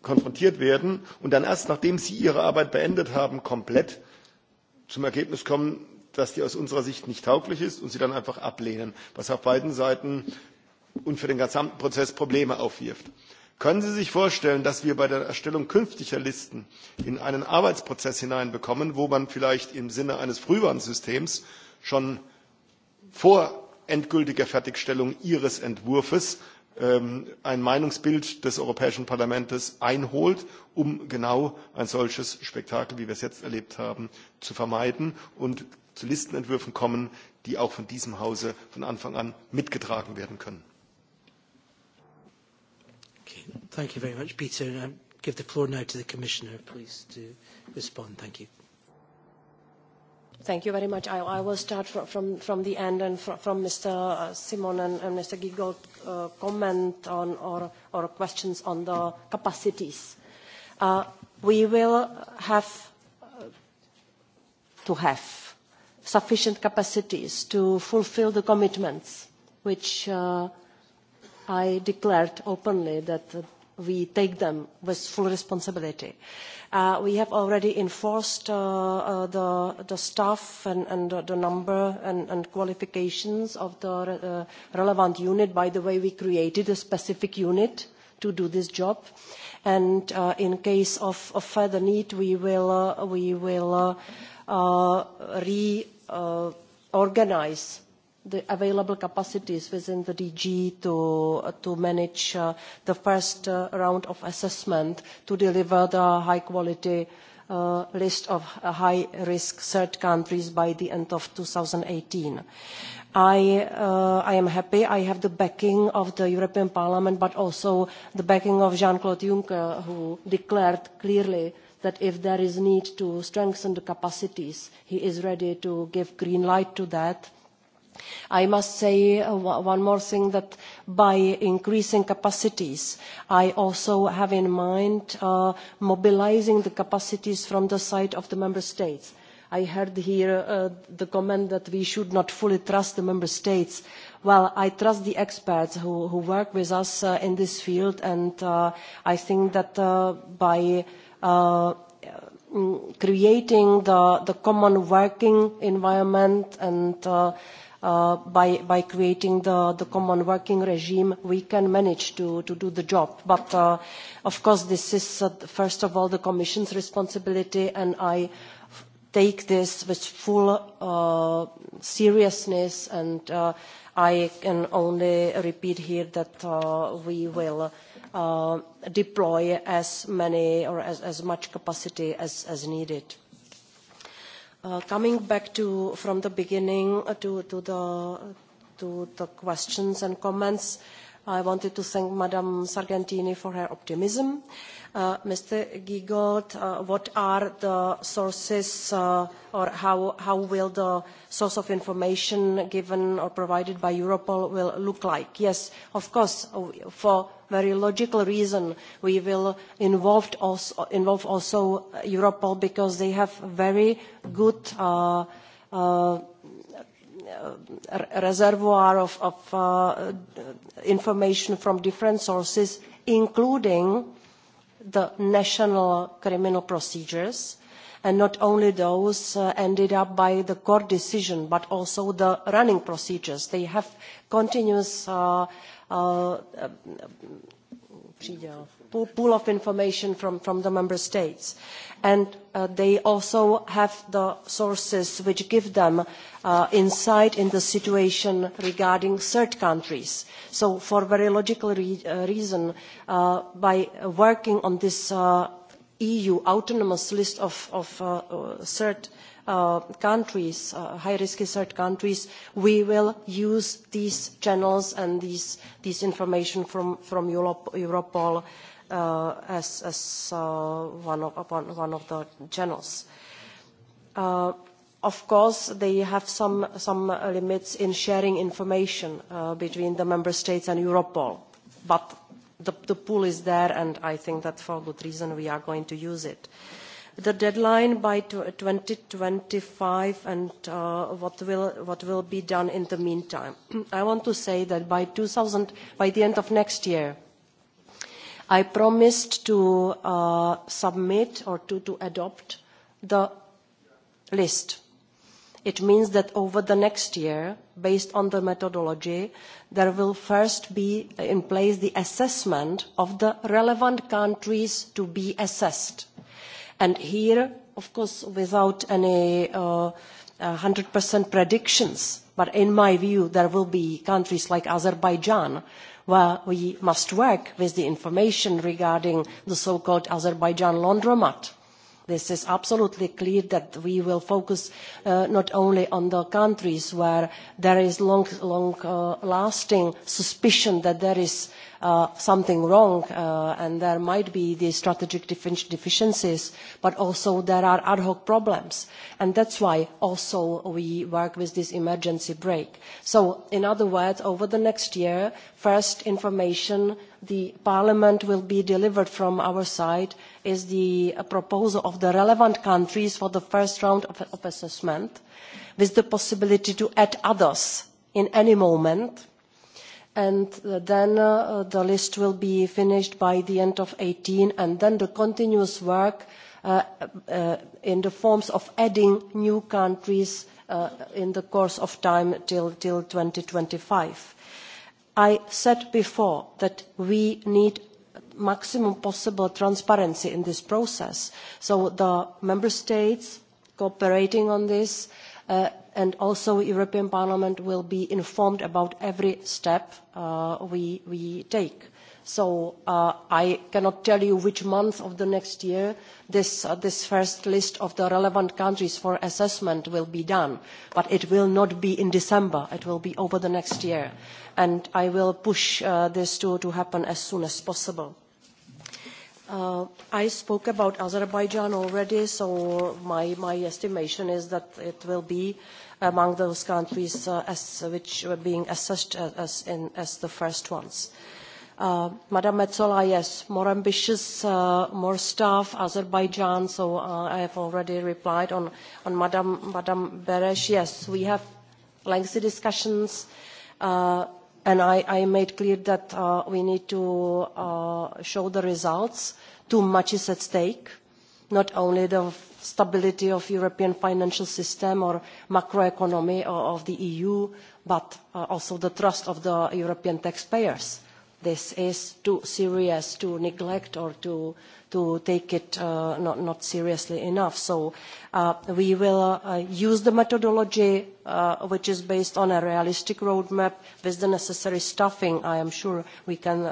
konfrontiert werden und dann erst nachdem sie ihre arbeit beendet haben komplett zum ergebnis kommen dass die aus unserer sicht nicht tauglich ist und sie dann einfach ablehnen was auf beiden seiten und für den gesamten prozess probleme aufwirft. können sie sich vorstellen dass wir bei der erstellung künftiger listen in einen arbeitsprozess hineinbekommen wo man vielleicht im sinne eines frühwarnsystems schon vor endgültiger fertigstellung ihres entwurfs Ähm, ein Meinungsbild des Europäischen Parlaments einholt, um genau ein solches Spektakel, wie wir es jetzt erlebt haben, zu vermeiden und zu Listenentwürfen kommen, die auch von diesem Hause von Anfang an mitgetragen werden können. Okay, thank you very much, Peter. I um, give the floor now to the Commissioner, please, to respond. Thank you. Thank you very much. I, I will start fr from, from the end and fr from Mr. Uh, Simon and, and Mr. Giggold uh, comment on or, or questions on the capacities. Uh, we will have uh, to have sufficient capacities to fulfill the commitments which uh, I declared openly that we take them with full responsibility. Uh, we have already enforced uh, uh, the staff and the number and qualifications of the relevant unit by the way we created a specific unit to do this job and in case of further need we will reorganise the available capacities within the dg to manage uh, the first uh, round of assessment to deliver the high quality uh, list of high risk third countries by the end of. two thousand and eighteen i am happy i have the backing of the european parliament but also the backing of jean claude juncker who declared clearly that if there is a need to strengthen the capacities he is ready to give the green light to that i must say uh, one more thing that by increasing capacities i also have in mind uh, mobilising the capacities from the side of the member states. i heard here uh, the comment that we should not fully trust the member states. well i trust the experts who work with us in this field and i think that by mm, creating the common working environment and Uh, by creating the common working regime we can manage to do the job but uh, of course this is uh, first of all the commission's responsibility and i take this with full seriousness and i can only repeat here that we will deploy as many or as much capacity as needed. Uh, coming back to from the beginning uh, to to the to the questions and comments i wanted to thank ms sargentini for her optimism. Uh, mr giegold uh, what are the sources uh, or how will the source of information given or provided by europol look like? yes of course for a very logical reason we will involve also europol because they have very good reservoir of information from different sources including the national criminal procedures and not only those uh, ended up by the court decision but also the running procedures. they have continuous uh, uh, um, pool of information from the member states and uh, they also have the sources which give them uh, insight into the situation regarding third countries. so for a very logical uh, reason by working on this eu autonomous list of third countries high risk third countries we will use these channels and this information from europol uh, as, as uh, one, of, upon one of the channels. Uh, of course, they have some, some limits in sharing information uh, between the member states and Europol, but the, the pool is there, and I think that for good reason we are going to use it. The deadline by 2025 and uh, what, will, what will be done in the meantime. [CLEARS THROAT] I want to say that by, by the end of next year, i promised to uh, submit or to adopt the list. it means that over the next year based on the methodology there will first be in place the assessment of the relevant countries to be assessed and here of course without any one uh, hundred prediction but in my view there will be countries like azerbaijan where we must work with the information regarding the so called azerbaijan laundromat. it is absolutely clear that we will focus uh, not only on the countries where there is long uh, lasting suspicion that there is Uh, something wrong uh, and there might be these strategic deficiencies but also there are ad hoc problems and that is why also we work with this emergency brake. so in other words over the next year first information the parliament will be delivered from our side is the proposal of the relevant countries for the first round of assessment with the possibility to add others at any moment and uh, then uh, the list will be finished by the end of two thousand and eighteen then the continuous work uh, in the form of adding new countries in the course of time till. two thousand and twenty five i said before that we need maximum possible transparency in this process so the member states cooperating on this and also the european parliament will be informed about every step uh, we take. so uh, i cannot tell you which month of next year uh, this first list of the relevant countries for assessment will be done but it will not be in december it will be over the next year and i will push this to happen as soon as possible. Uh, i spoke about azerbaijan already so my estimation is that it will be among those countries uh, which are being assessed as the first ones. Uh, madam metsola yes more ambitious more staff azerbaijan so i have already replied on madam bers. yes we have lengthy discussions i made clear that uh, we need to uh, show the results. too much is at stake not only the stability of the european financial system or the macroeconomy of the eu but uh, also the trust of the european taxpayers this is too serious to neglect or to take it uh, not seriously enough. so uh, we will uh, use the methodology which is based on a realistic roadmap with the necessary staffing. i am sure we can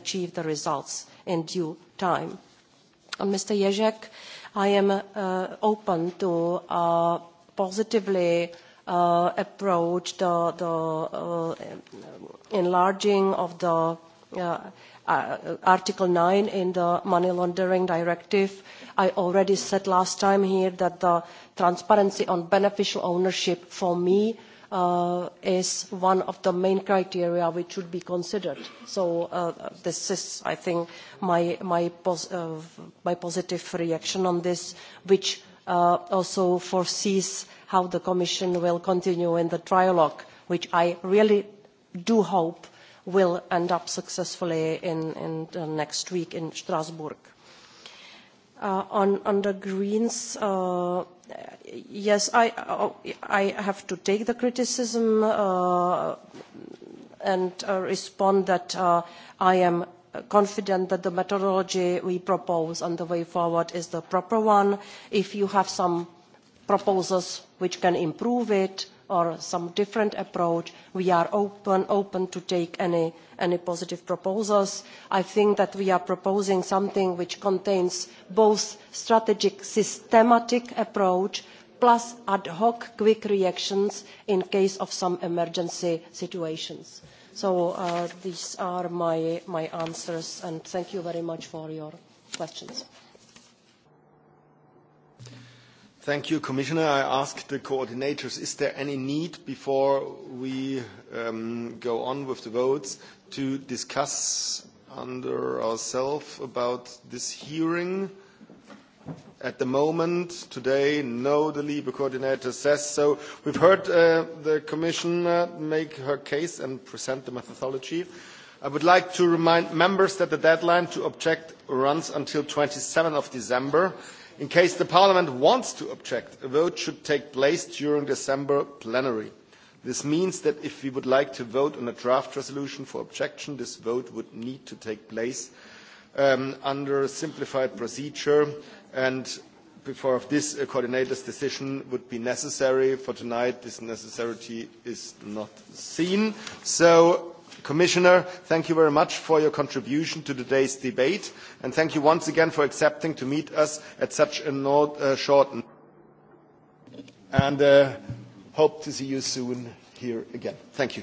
achieve the results in due time. mr jeek i am open to positively uh, approach the, the uh, enlarging of the uh, uh, Article 9 in the Money Laundering Directive. I already said last time here that the transparency on beneficial ownership for me uh, is one of the main criteria which should be considered. So uh, this is, I think, my, my, pos uh, my positive reaction on this, which uh, also foresees uh, how the commission will continue in the trilogue which i really do hope will end up successfully next week in strasbourg. Uh, on the greens uh, yes uh, i have to take the criticism and respond that i am confident that the methodology we propose and the way forward is the proper one. if you have some proposals which can improve it or some different approach we are open to taking any positive proposals. i think that we are proposing something which contains both a strategic systematic approach plus ad hoc quick reactions in the case of some emergency situations. so uh, these are my answers and thank you very much for your questions. Thank you, Commissioner. I ask the coordinators, is there any need before we um, go on with the votes to discuss under ourselves about this hearing? At the moment, today, no, the LIBE coordinator says so. We've heard uh, the Commissioner make her case and present the methodology. I would like to remind members that the deadline to object runs until 27th of December in case the parliament wants to object a vote should take place during december plenary. this means that if we would like to vote on a draft resolution for objection this vote would need to take place um, under a simplified procedure and before this a coordinator's decision would be necessary. for tonight this necessity is not seen so commissioner thank you very much for your contribution to today's debate and thank you once again for accepting to meet us at such uh, short notice and i uh, hope to see you soon here again. thank you.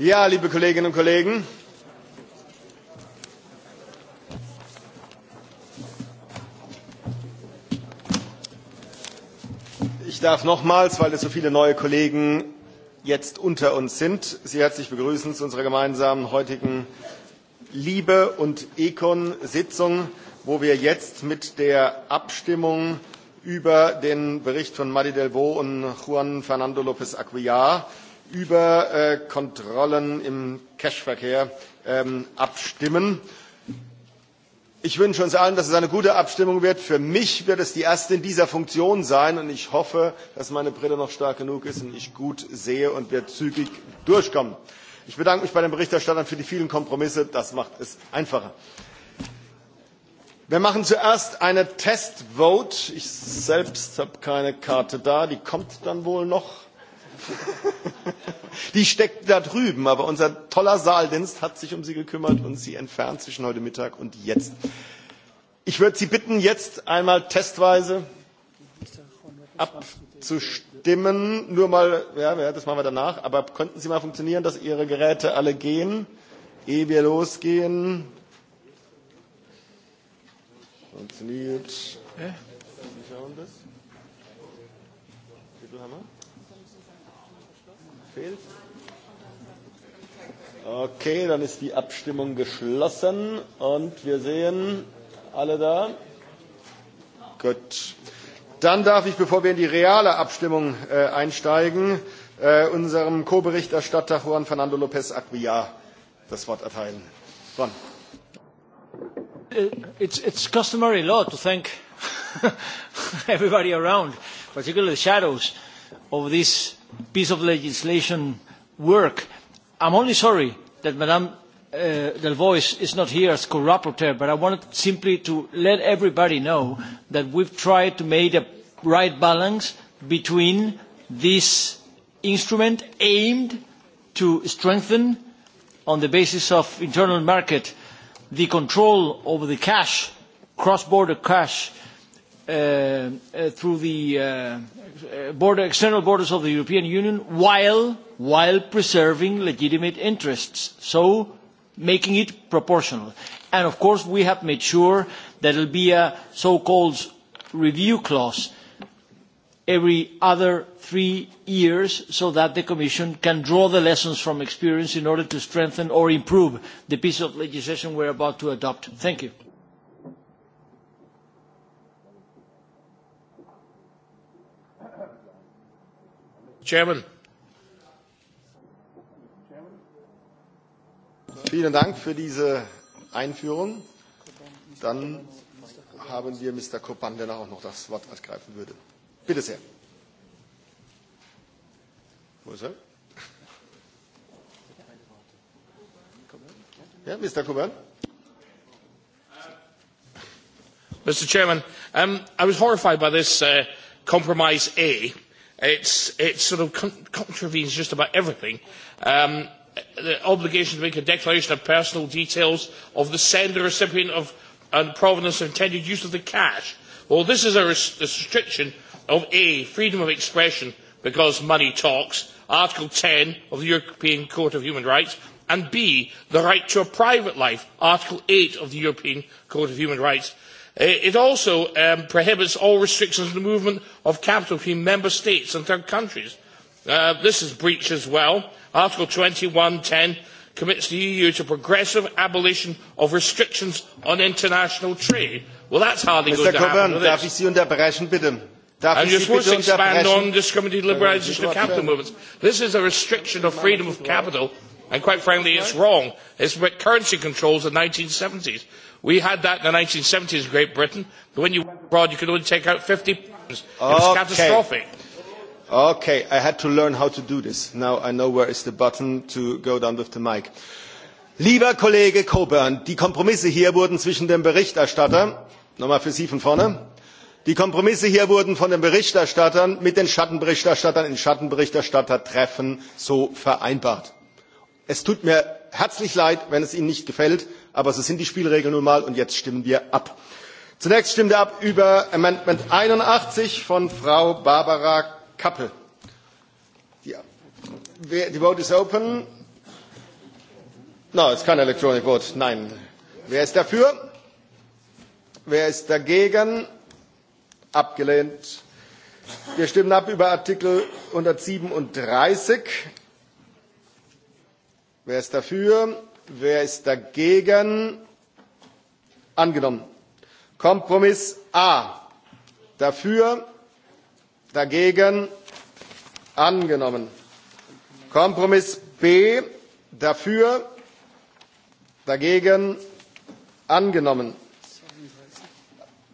Ja, liebe Kolleginnen und Kollegen, ich darf nochmals, weil es so viele neue Kollegen jetzt unter uns sind, Sie herzlich begrüßen zu unserer gemeinsamen heutigen Liebe und Econ Sitzung, wo wir jetzt mit der Abstimmung über den Bericht von Madi Delvaux und Juan Fernando López Aguilar über äh, Kontrollen im Cashverkehr ähm, abstimmen. Ich wünsche uns allen, dass es eine gute Abstimmung wird. Für mich wird es die erste in dieser Funktion sein und ich hoffe, dass meine Brille noch stark genug ist und ich gut sehe und wir zügig durchkommen. Ich bedanke mich bei den Berichterstattern für die vielen Kompromisse. Das macht es einfacher. Wir machen zuerst eine Testvote. Ich selbst habe keine Karte da. Die kommt dann wohl noch. [LAUGHS] Die steckten da drüben, aber unser toller Saaldienst hat sich um sie gekümmert und sie entfernt zwischen heute Mittag und jetzt. Ich würde Sie bitten, jetzt einmal testweise abzustimmen. Nur mal, ja, ja das machen wir danach, aber könnten Sie mal funktionieren, dass Ihre Geräte alle gehen, ehe wir losgehen? Funktioniert. Äh? fehlt. Okay, dann ist die Abstimmung geschlossen und wir sehen alle da. Gut. Dann darf ich, bevor wir in die reale Abstimmung äh, einsteigen, äh, unserem Co-Berichterstatter Juan Fernando Lopez Aguilar das Wort erteilen. Juan. Uh, it's, it's customary law to thank [LAUGHS] everybody around, particularly the shadows of this piece of legislation work. I'm only sorry that Madame uh, Delvois is not here as co-rapporteur, but I wanted simply to let everybody know that we've tried to make a right balance between this instrument aimed to strengthen, on the basis of internal market, the control over the cash, cross-border cash, uh, Uh, uh, through the uh, uh, border, external borders of the European Union while, while preserving legitimate interests, so making it proportional. And of course we have made sure that it will be a so-called review clause every other three years so that the Commission can draw the lessons from experience in order to strengthen or improve the piece of legislation we're about to adopt. Thank you. chairman. Vielen Dank für diese Einführung. Dann haben wir Mr. Koppan, der auch noch das Wort ergreifen würde. Bitte sehr. Wo ist er? Ja, Mr. Coburn. Mr. Chairman, um, I was horrified by this uh, compromise A it sort of contravenes just about everything. Um, the obligation to make a declaration of personal details of the sender, recipient of, and provenance of intended use of the cash. Well, this is a, res- a restriction of A, freedom of expression because money talks, Article 10 of the European Court of Human Rights, and B, the right to a private life, Article 8 of the European Court of Human Rights. Eh, it also um, prohibits all restrictions on the movement of capital between member states and third countries. Uh, this is a breach as well. article two hundred and ten commits the eu to progressive abolition of restrictions on international trade. well that is hardly going to happen. mr coburn may i interrupt please? and you are supposed to expand on discriminatory liberalisation of capital movements. this is a restriction of freedom of capital and quite frankly it is wrong. it is about currency controls in the one thousand nine hundred and seventy s. We had that in the 1970s in Great Britain. But when you went abroad, you could only take out 50 pounds. Okay. It was catastrophic. Okay, I had to learn how to do this. Now I know where is the button to go down with the mic. Lieber Kollege Coburn, die Kompromisse hier wurden zwischen dem Berichterstatter, nochmal für Sie von vorne, die Kompromisse hier wurden von den Berichterstattern mit den Schattenberichterstattern in Schattenberichterstattertreffen so vereinbart. Es tut mir herzlich leid, wenn es Ihnen nicht gefällt aber so sind die Spielregeln nun mal, und jetzt stimmen wir ab. Zunächst stimmen wir ab über Amendment 81 von Frau Barbara Kappel. Die Vote ist open. No, it's kein electronic vote. Nein. Wer ist dafür? Wer ist dagegen? Abgelehnt. Wir stimmen ab über Artikel 137. Wer ist dafür? Wer ist dagegen? Angenommen. Kompromiss A. Dafür? Dagegen? Angenommen. Kompromiss B. Dafür? Dagegen? Angenommen.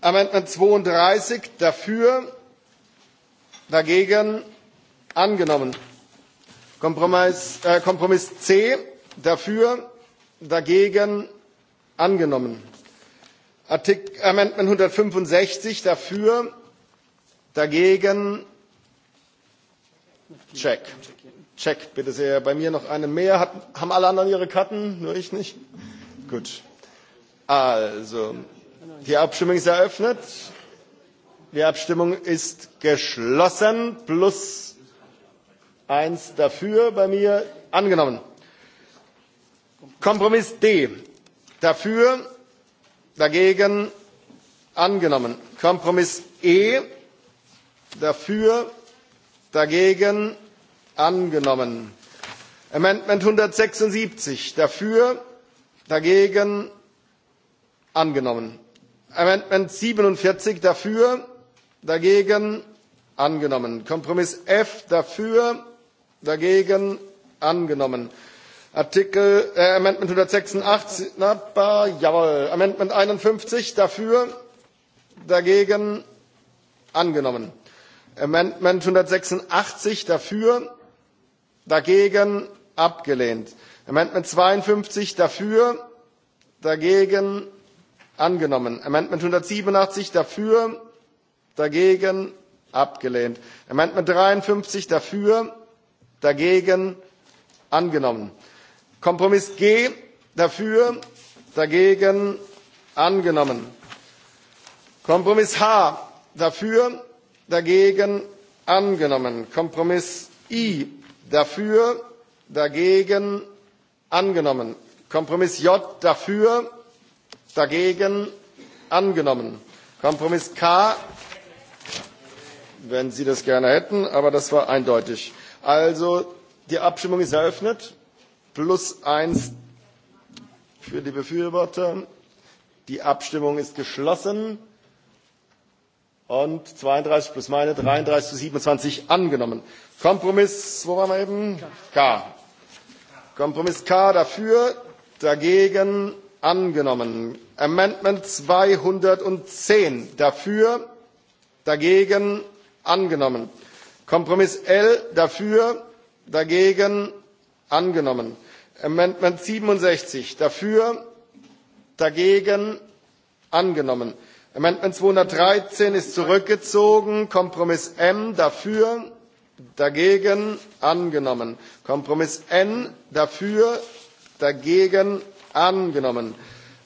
Amendment 32. Dafür? Dagegen? Angenommen. Kompromiss, äh, Kompromiss C. Dafür? Dagegen? dagegen angenommen. Änderungsantrag 165 dafür, dagegen check. Check, bitte sehr. Bei mir noch eine mehr. Hat, haben alle anderen ihre Karten? Nur ich nicht? Gut. Also, die Abstimmung ist eröffnet. Die Abstimmung ist geschlossen. Plus eins dafür bei mir. Angenommen kompromiss d dafür dagegen angenommen kompromiss e dafür dagegen angenommen amendment 176 dafür dagegen angenommen amendment 47 dafür dagegen angenommen kompromiss f dafür dagegen angenommen artikel äh, amendment 186 na, ba, jawohl amendment 51 dafür dagegen angenommen amendment 186 dafür dagegen abgelehnt amendment 52 dafür dagegen angenommen amendment 187 dafür dagegen abgelehnt amendment 53 dafür dagegen angenommen Kompromiss G dafür, dagegen angenommen. Kompromiss H dafür, dagegen angenommen. Kompromiss I dafür, dagegen angenommen. Kompromiss J dafür, dagegen angenommen. Kompromiss K, wenn Sie das gerne hätten, aber das war eindeutig. Also, die Abstimmung ist eröffnet plus eins für die Befürworter. Die Abstimmung ist geschlossen und 32 plus meine 33 zu 27 angenommen. Kompromiss, wo waren wir eben? K. Kompromiss K dafür, dagegen angenommen. Amendment 210 dafür, dagegen angenommen. Kompromiss L dafür, dagegen angenommen änderungsantrag siebenundsechzig dafür dagegen angenommen; änderungsantrag zweihundertdreizehn ist zurückgezogen; kompromiss m dafür dagegen angenommen; kompromiss n dafür dagegen angenommen;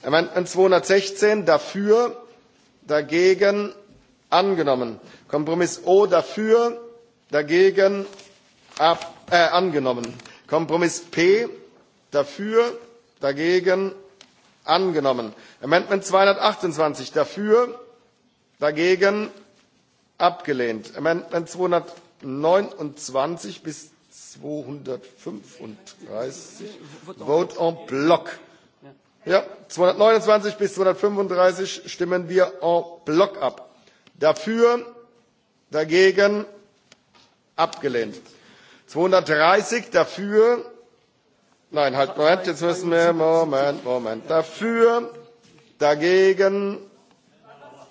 änderungsantrag zweihundertsechzehn dafür dagegen angenommen; kompromiss o dafür dagegen äh, angenommen; kompromiss p dafür, dagegen, angenommen. Amendment 228, dafür, dagegen, abgelehnt. Amendment 229 bis 235, vote en bloc. Ja, 229 ja, bis 235 stimmen wir en bloc ab. Dafür, dagegen, abgelehnt. 230 dafür, Nein, halt, Moment, jetzt müssen wir, Moment, Moment. Dafür, dagegen,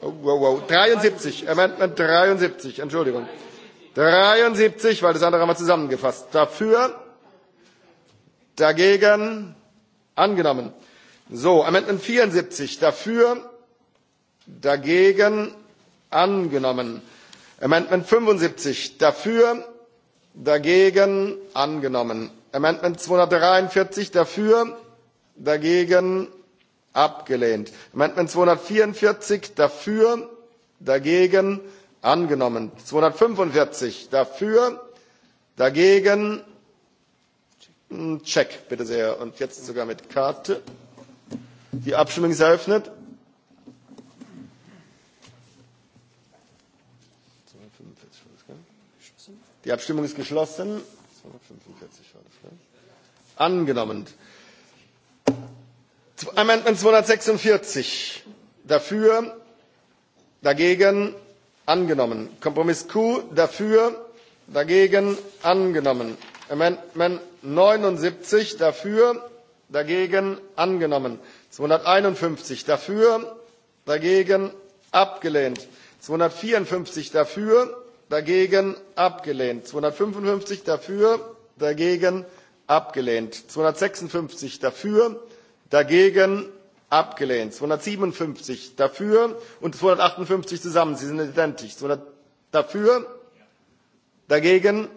oh, wow, wow, 73, Amendment 73, Entschuldigung. 73, weil das andere haben wir zusammengefasst. Dafür, dagegen, angenommen. So, Amendment 74, dafür, dagegen, angenommen. Amendment 75, dafür, dagegen, angenommen. Amendment 243 dafür, dagegen abgelehnt. Amendment 244 dafür, dagegen angenommen. 245 dafür, dagegen Check, bitte sehr. Und jetzt sogar mit Karte. Die Abstimmung ist eröffnet. 245. Die Abstimmung ist geschlossen. 245 angenommen. Amendment 246 dafür, dagegen angenommen. Kompromiss Q dafür, dagegen angenommen. Amendment 79 dafür, dagegen angenommen. 251 dafür, dagegen abgelehnt. 254 dafür, dagegen abgelehnt. 255 dafür, dagegen abgelehnt abgelehnt; zweihundertsechsundfünfzig dafür dagegen abgelehnt; zweihundertsiebenundfünfzig dafür und zweihundertachtundfünfzig zusammen sie sind identisch dafür dagegen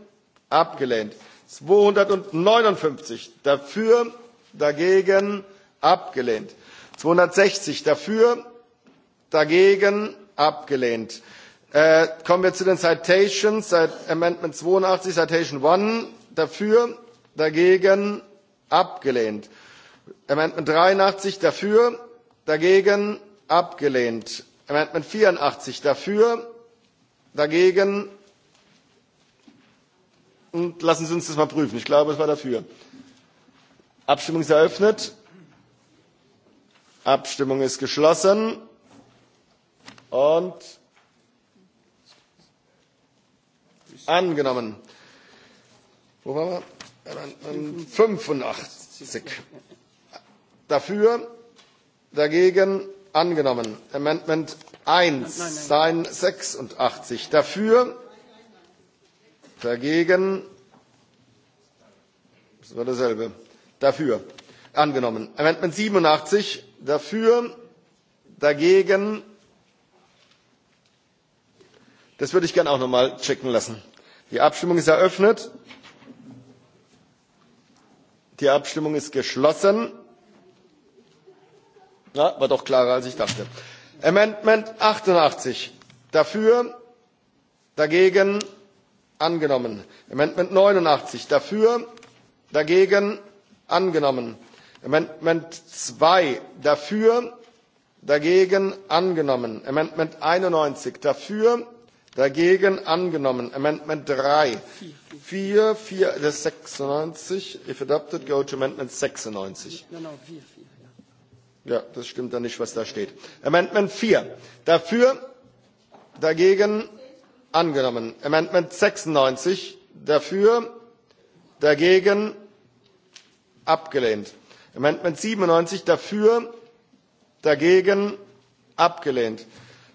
abgelehnt; zweihundertneunundfünfzig dafür dagegen abgelehnt; zweihundertsechzig dafür dagegen abgelehnt. Äh, kommen wir zu den citations amendment zweiundachtzig citation one dafür dagegen abgelehnt. Amendment 83 dafür, dagegen abgelehnt. Amendment 84 dafür, dagegen. Und lassen Sie uns das mal prüfen. Ich glaube, es war dafür. Abstimmung ist eröffnet. Abstimmung ist geschlossen. Und angenommen. Wo waren wir? 85. Ja, Dafür, dagegen, angenommen. Amendment 1, Sein 86. Dafür, dagegen, das war dasselbe. Dafür, angenommen. Amendment 87. Dafür, dagegen, das würde ich gerne auch noch mal checken lassen. Die Abstimmung ist eröffnet. Die Abstimmung ist geschlossen. Na, war doch klarer, als ich dachte. Amendment 88. Dafür, dagegen, angenommen. Amendment 89. Dafür, dagegen, angenommen. Amendment 2. Dafür, dagegen, angenommen. Amendment 91. Dafür, dagegen, angenommen dagegen angenommen amendment 3 4 4 das 96 if adopted go to amendment 96 ja, ja. ja das stimmt dann ja nicht was da steht amendment 4 dafür dagegen angenommen amendment 96 dafür dagegen abgelehnt amendment 97 dafür dagegen abgelehnt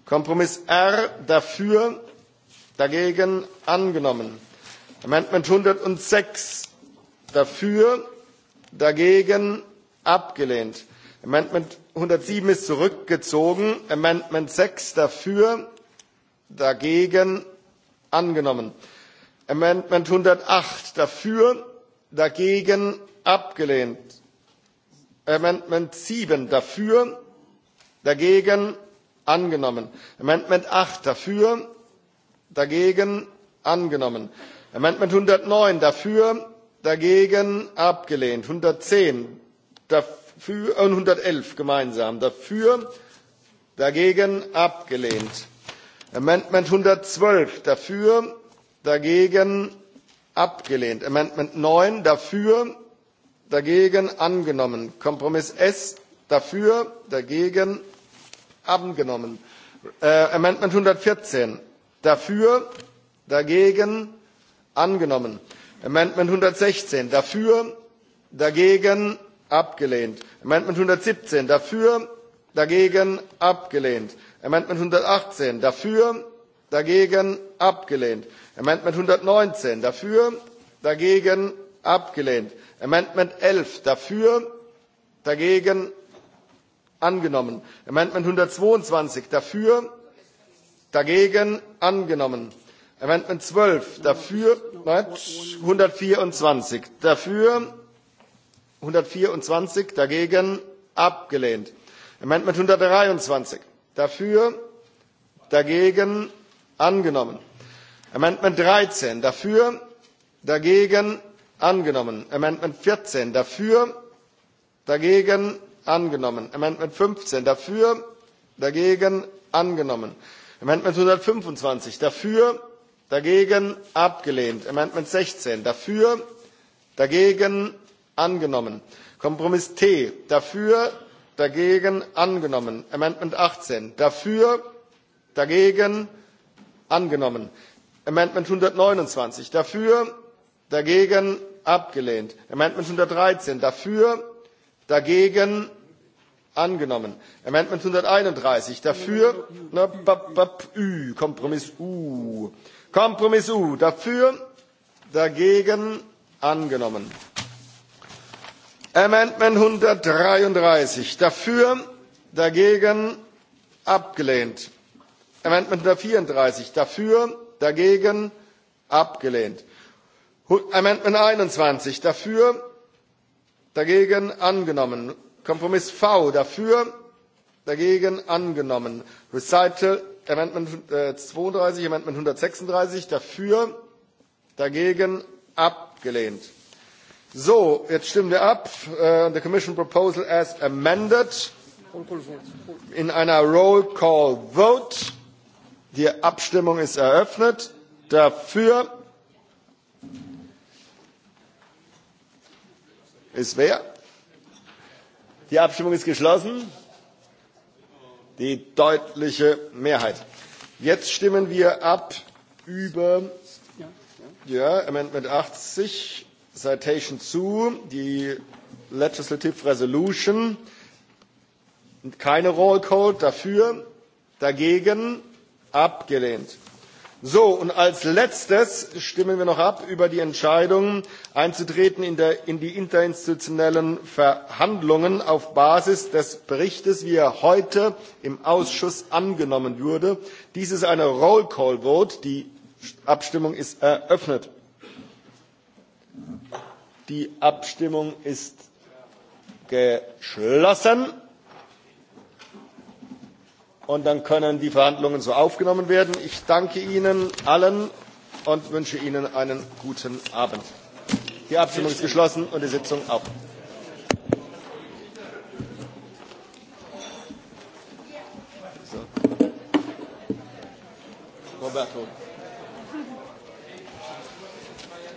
kompromiss r dafür dagegen angenommen. Amendment 106 dafür, dagegen abgelehnt. Amendment 107 ist zurückgezogen. Amendment 6 dafür, dagegen angenommen. Amendment 108 dafür, dagegen abgelehnt. Amendment 7 dafür, dagegen angenommen. Amendment 8 dafür, dagegen angenommen. Amendment 109 dafür, dagegen abgelehnt. 110 dafür äh, und 111 gemeinsam dafür, dagegen abgelehnt. Amendment 112 dafür, dagegen abgelehnt. Amendment 9 dafür, dagegen angenommen. Kompromiss S dafür, dagegen angenommen. Äh, Amendment 114 Dafür, dagegen, angenommen. Amendment 116, dafür, dagegen, abgelehnt. Amendment 117, dafür, dagegen, abgelehnt. Amendment 118, dafür, dagegen, abgelehnt. Amendment 119, dafür, dagegen, abgelehnt. Amendment 11, dafür, dagegen, angenommen. Amendment 122, dafür, dagegen, dagegen angenommen. Amendment 12 dafür 124 dafür 124 dagegen abgelehnt. Amendment 123 dafür dagegen angenommen. Amendment 13 dafür dagegen angenommen. Amendment 14 dafür dagegen angenommen. Amendment 15 dafür dagegen angenommen. Amendment 125 dafür, dagegen abgelehnt. Amendment 16 dafür, dagegen angenommen. Kompromiss T dafür, dagegen angenommen. Amendment 18 dafür, dagegen angenommen. Amendment 129 dafür, dagegen abgelehnt. Amendment 113 dafür, dagegen angenommen angenommen. Änderungsantrag 131 dafür na, b, b, b, ü, Kompromiss U. Kompromiss U dafür dagegen angenommen. Amendment 133 dafür dagegen abgelehnt. Amendment 134 dafür dagegen abgelehnt. Amendment 21 dafür dagegen angenommen kompromiss v dafür dagegen angenommen recital amendment äh, zweiunddreißig amendment einhundertsechsunddreißig dafür dagegen abgelehnt. so jetzt stimmen wir ab on äh, the commission proposal as amended in einer roll call vote die abstimmung ist eröffnet dafür ist wer? die abstimmung ist geschlossen die deutliche mehrheit. jetzt stimmen wir ab über änderungsantrag ja, achtzig citation ii die legislative resolution keine roll call dafür dagegen abgelehnt und als letztes stimmen wir noch über die entscheidung ab einzutreten in die interinstitutionellen verhandlungen auf basis des berichts wie er heute im ausschuss angenommen wurde. dies ist eine die abstimmung ist eröffnet. die abstimmung ist geschlossen und dann können die Verhandlungen so aufgenommen werden. Ich danke Ihnen allen und wünsche Ihnen einen guten Abend. Die Abstimmung ist geschlossen und die Sitzung auch. Roberto.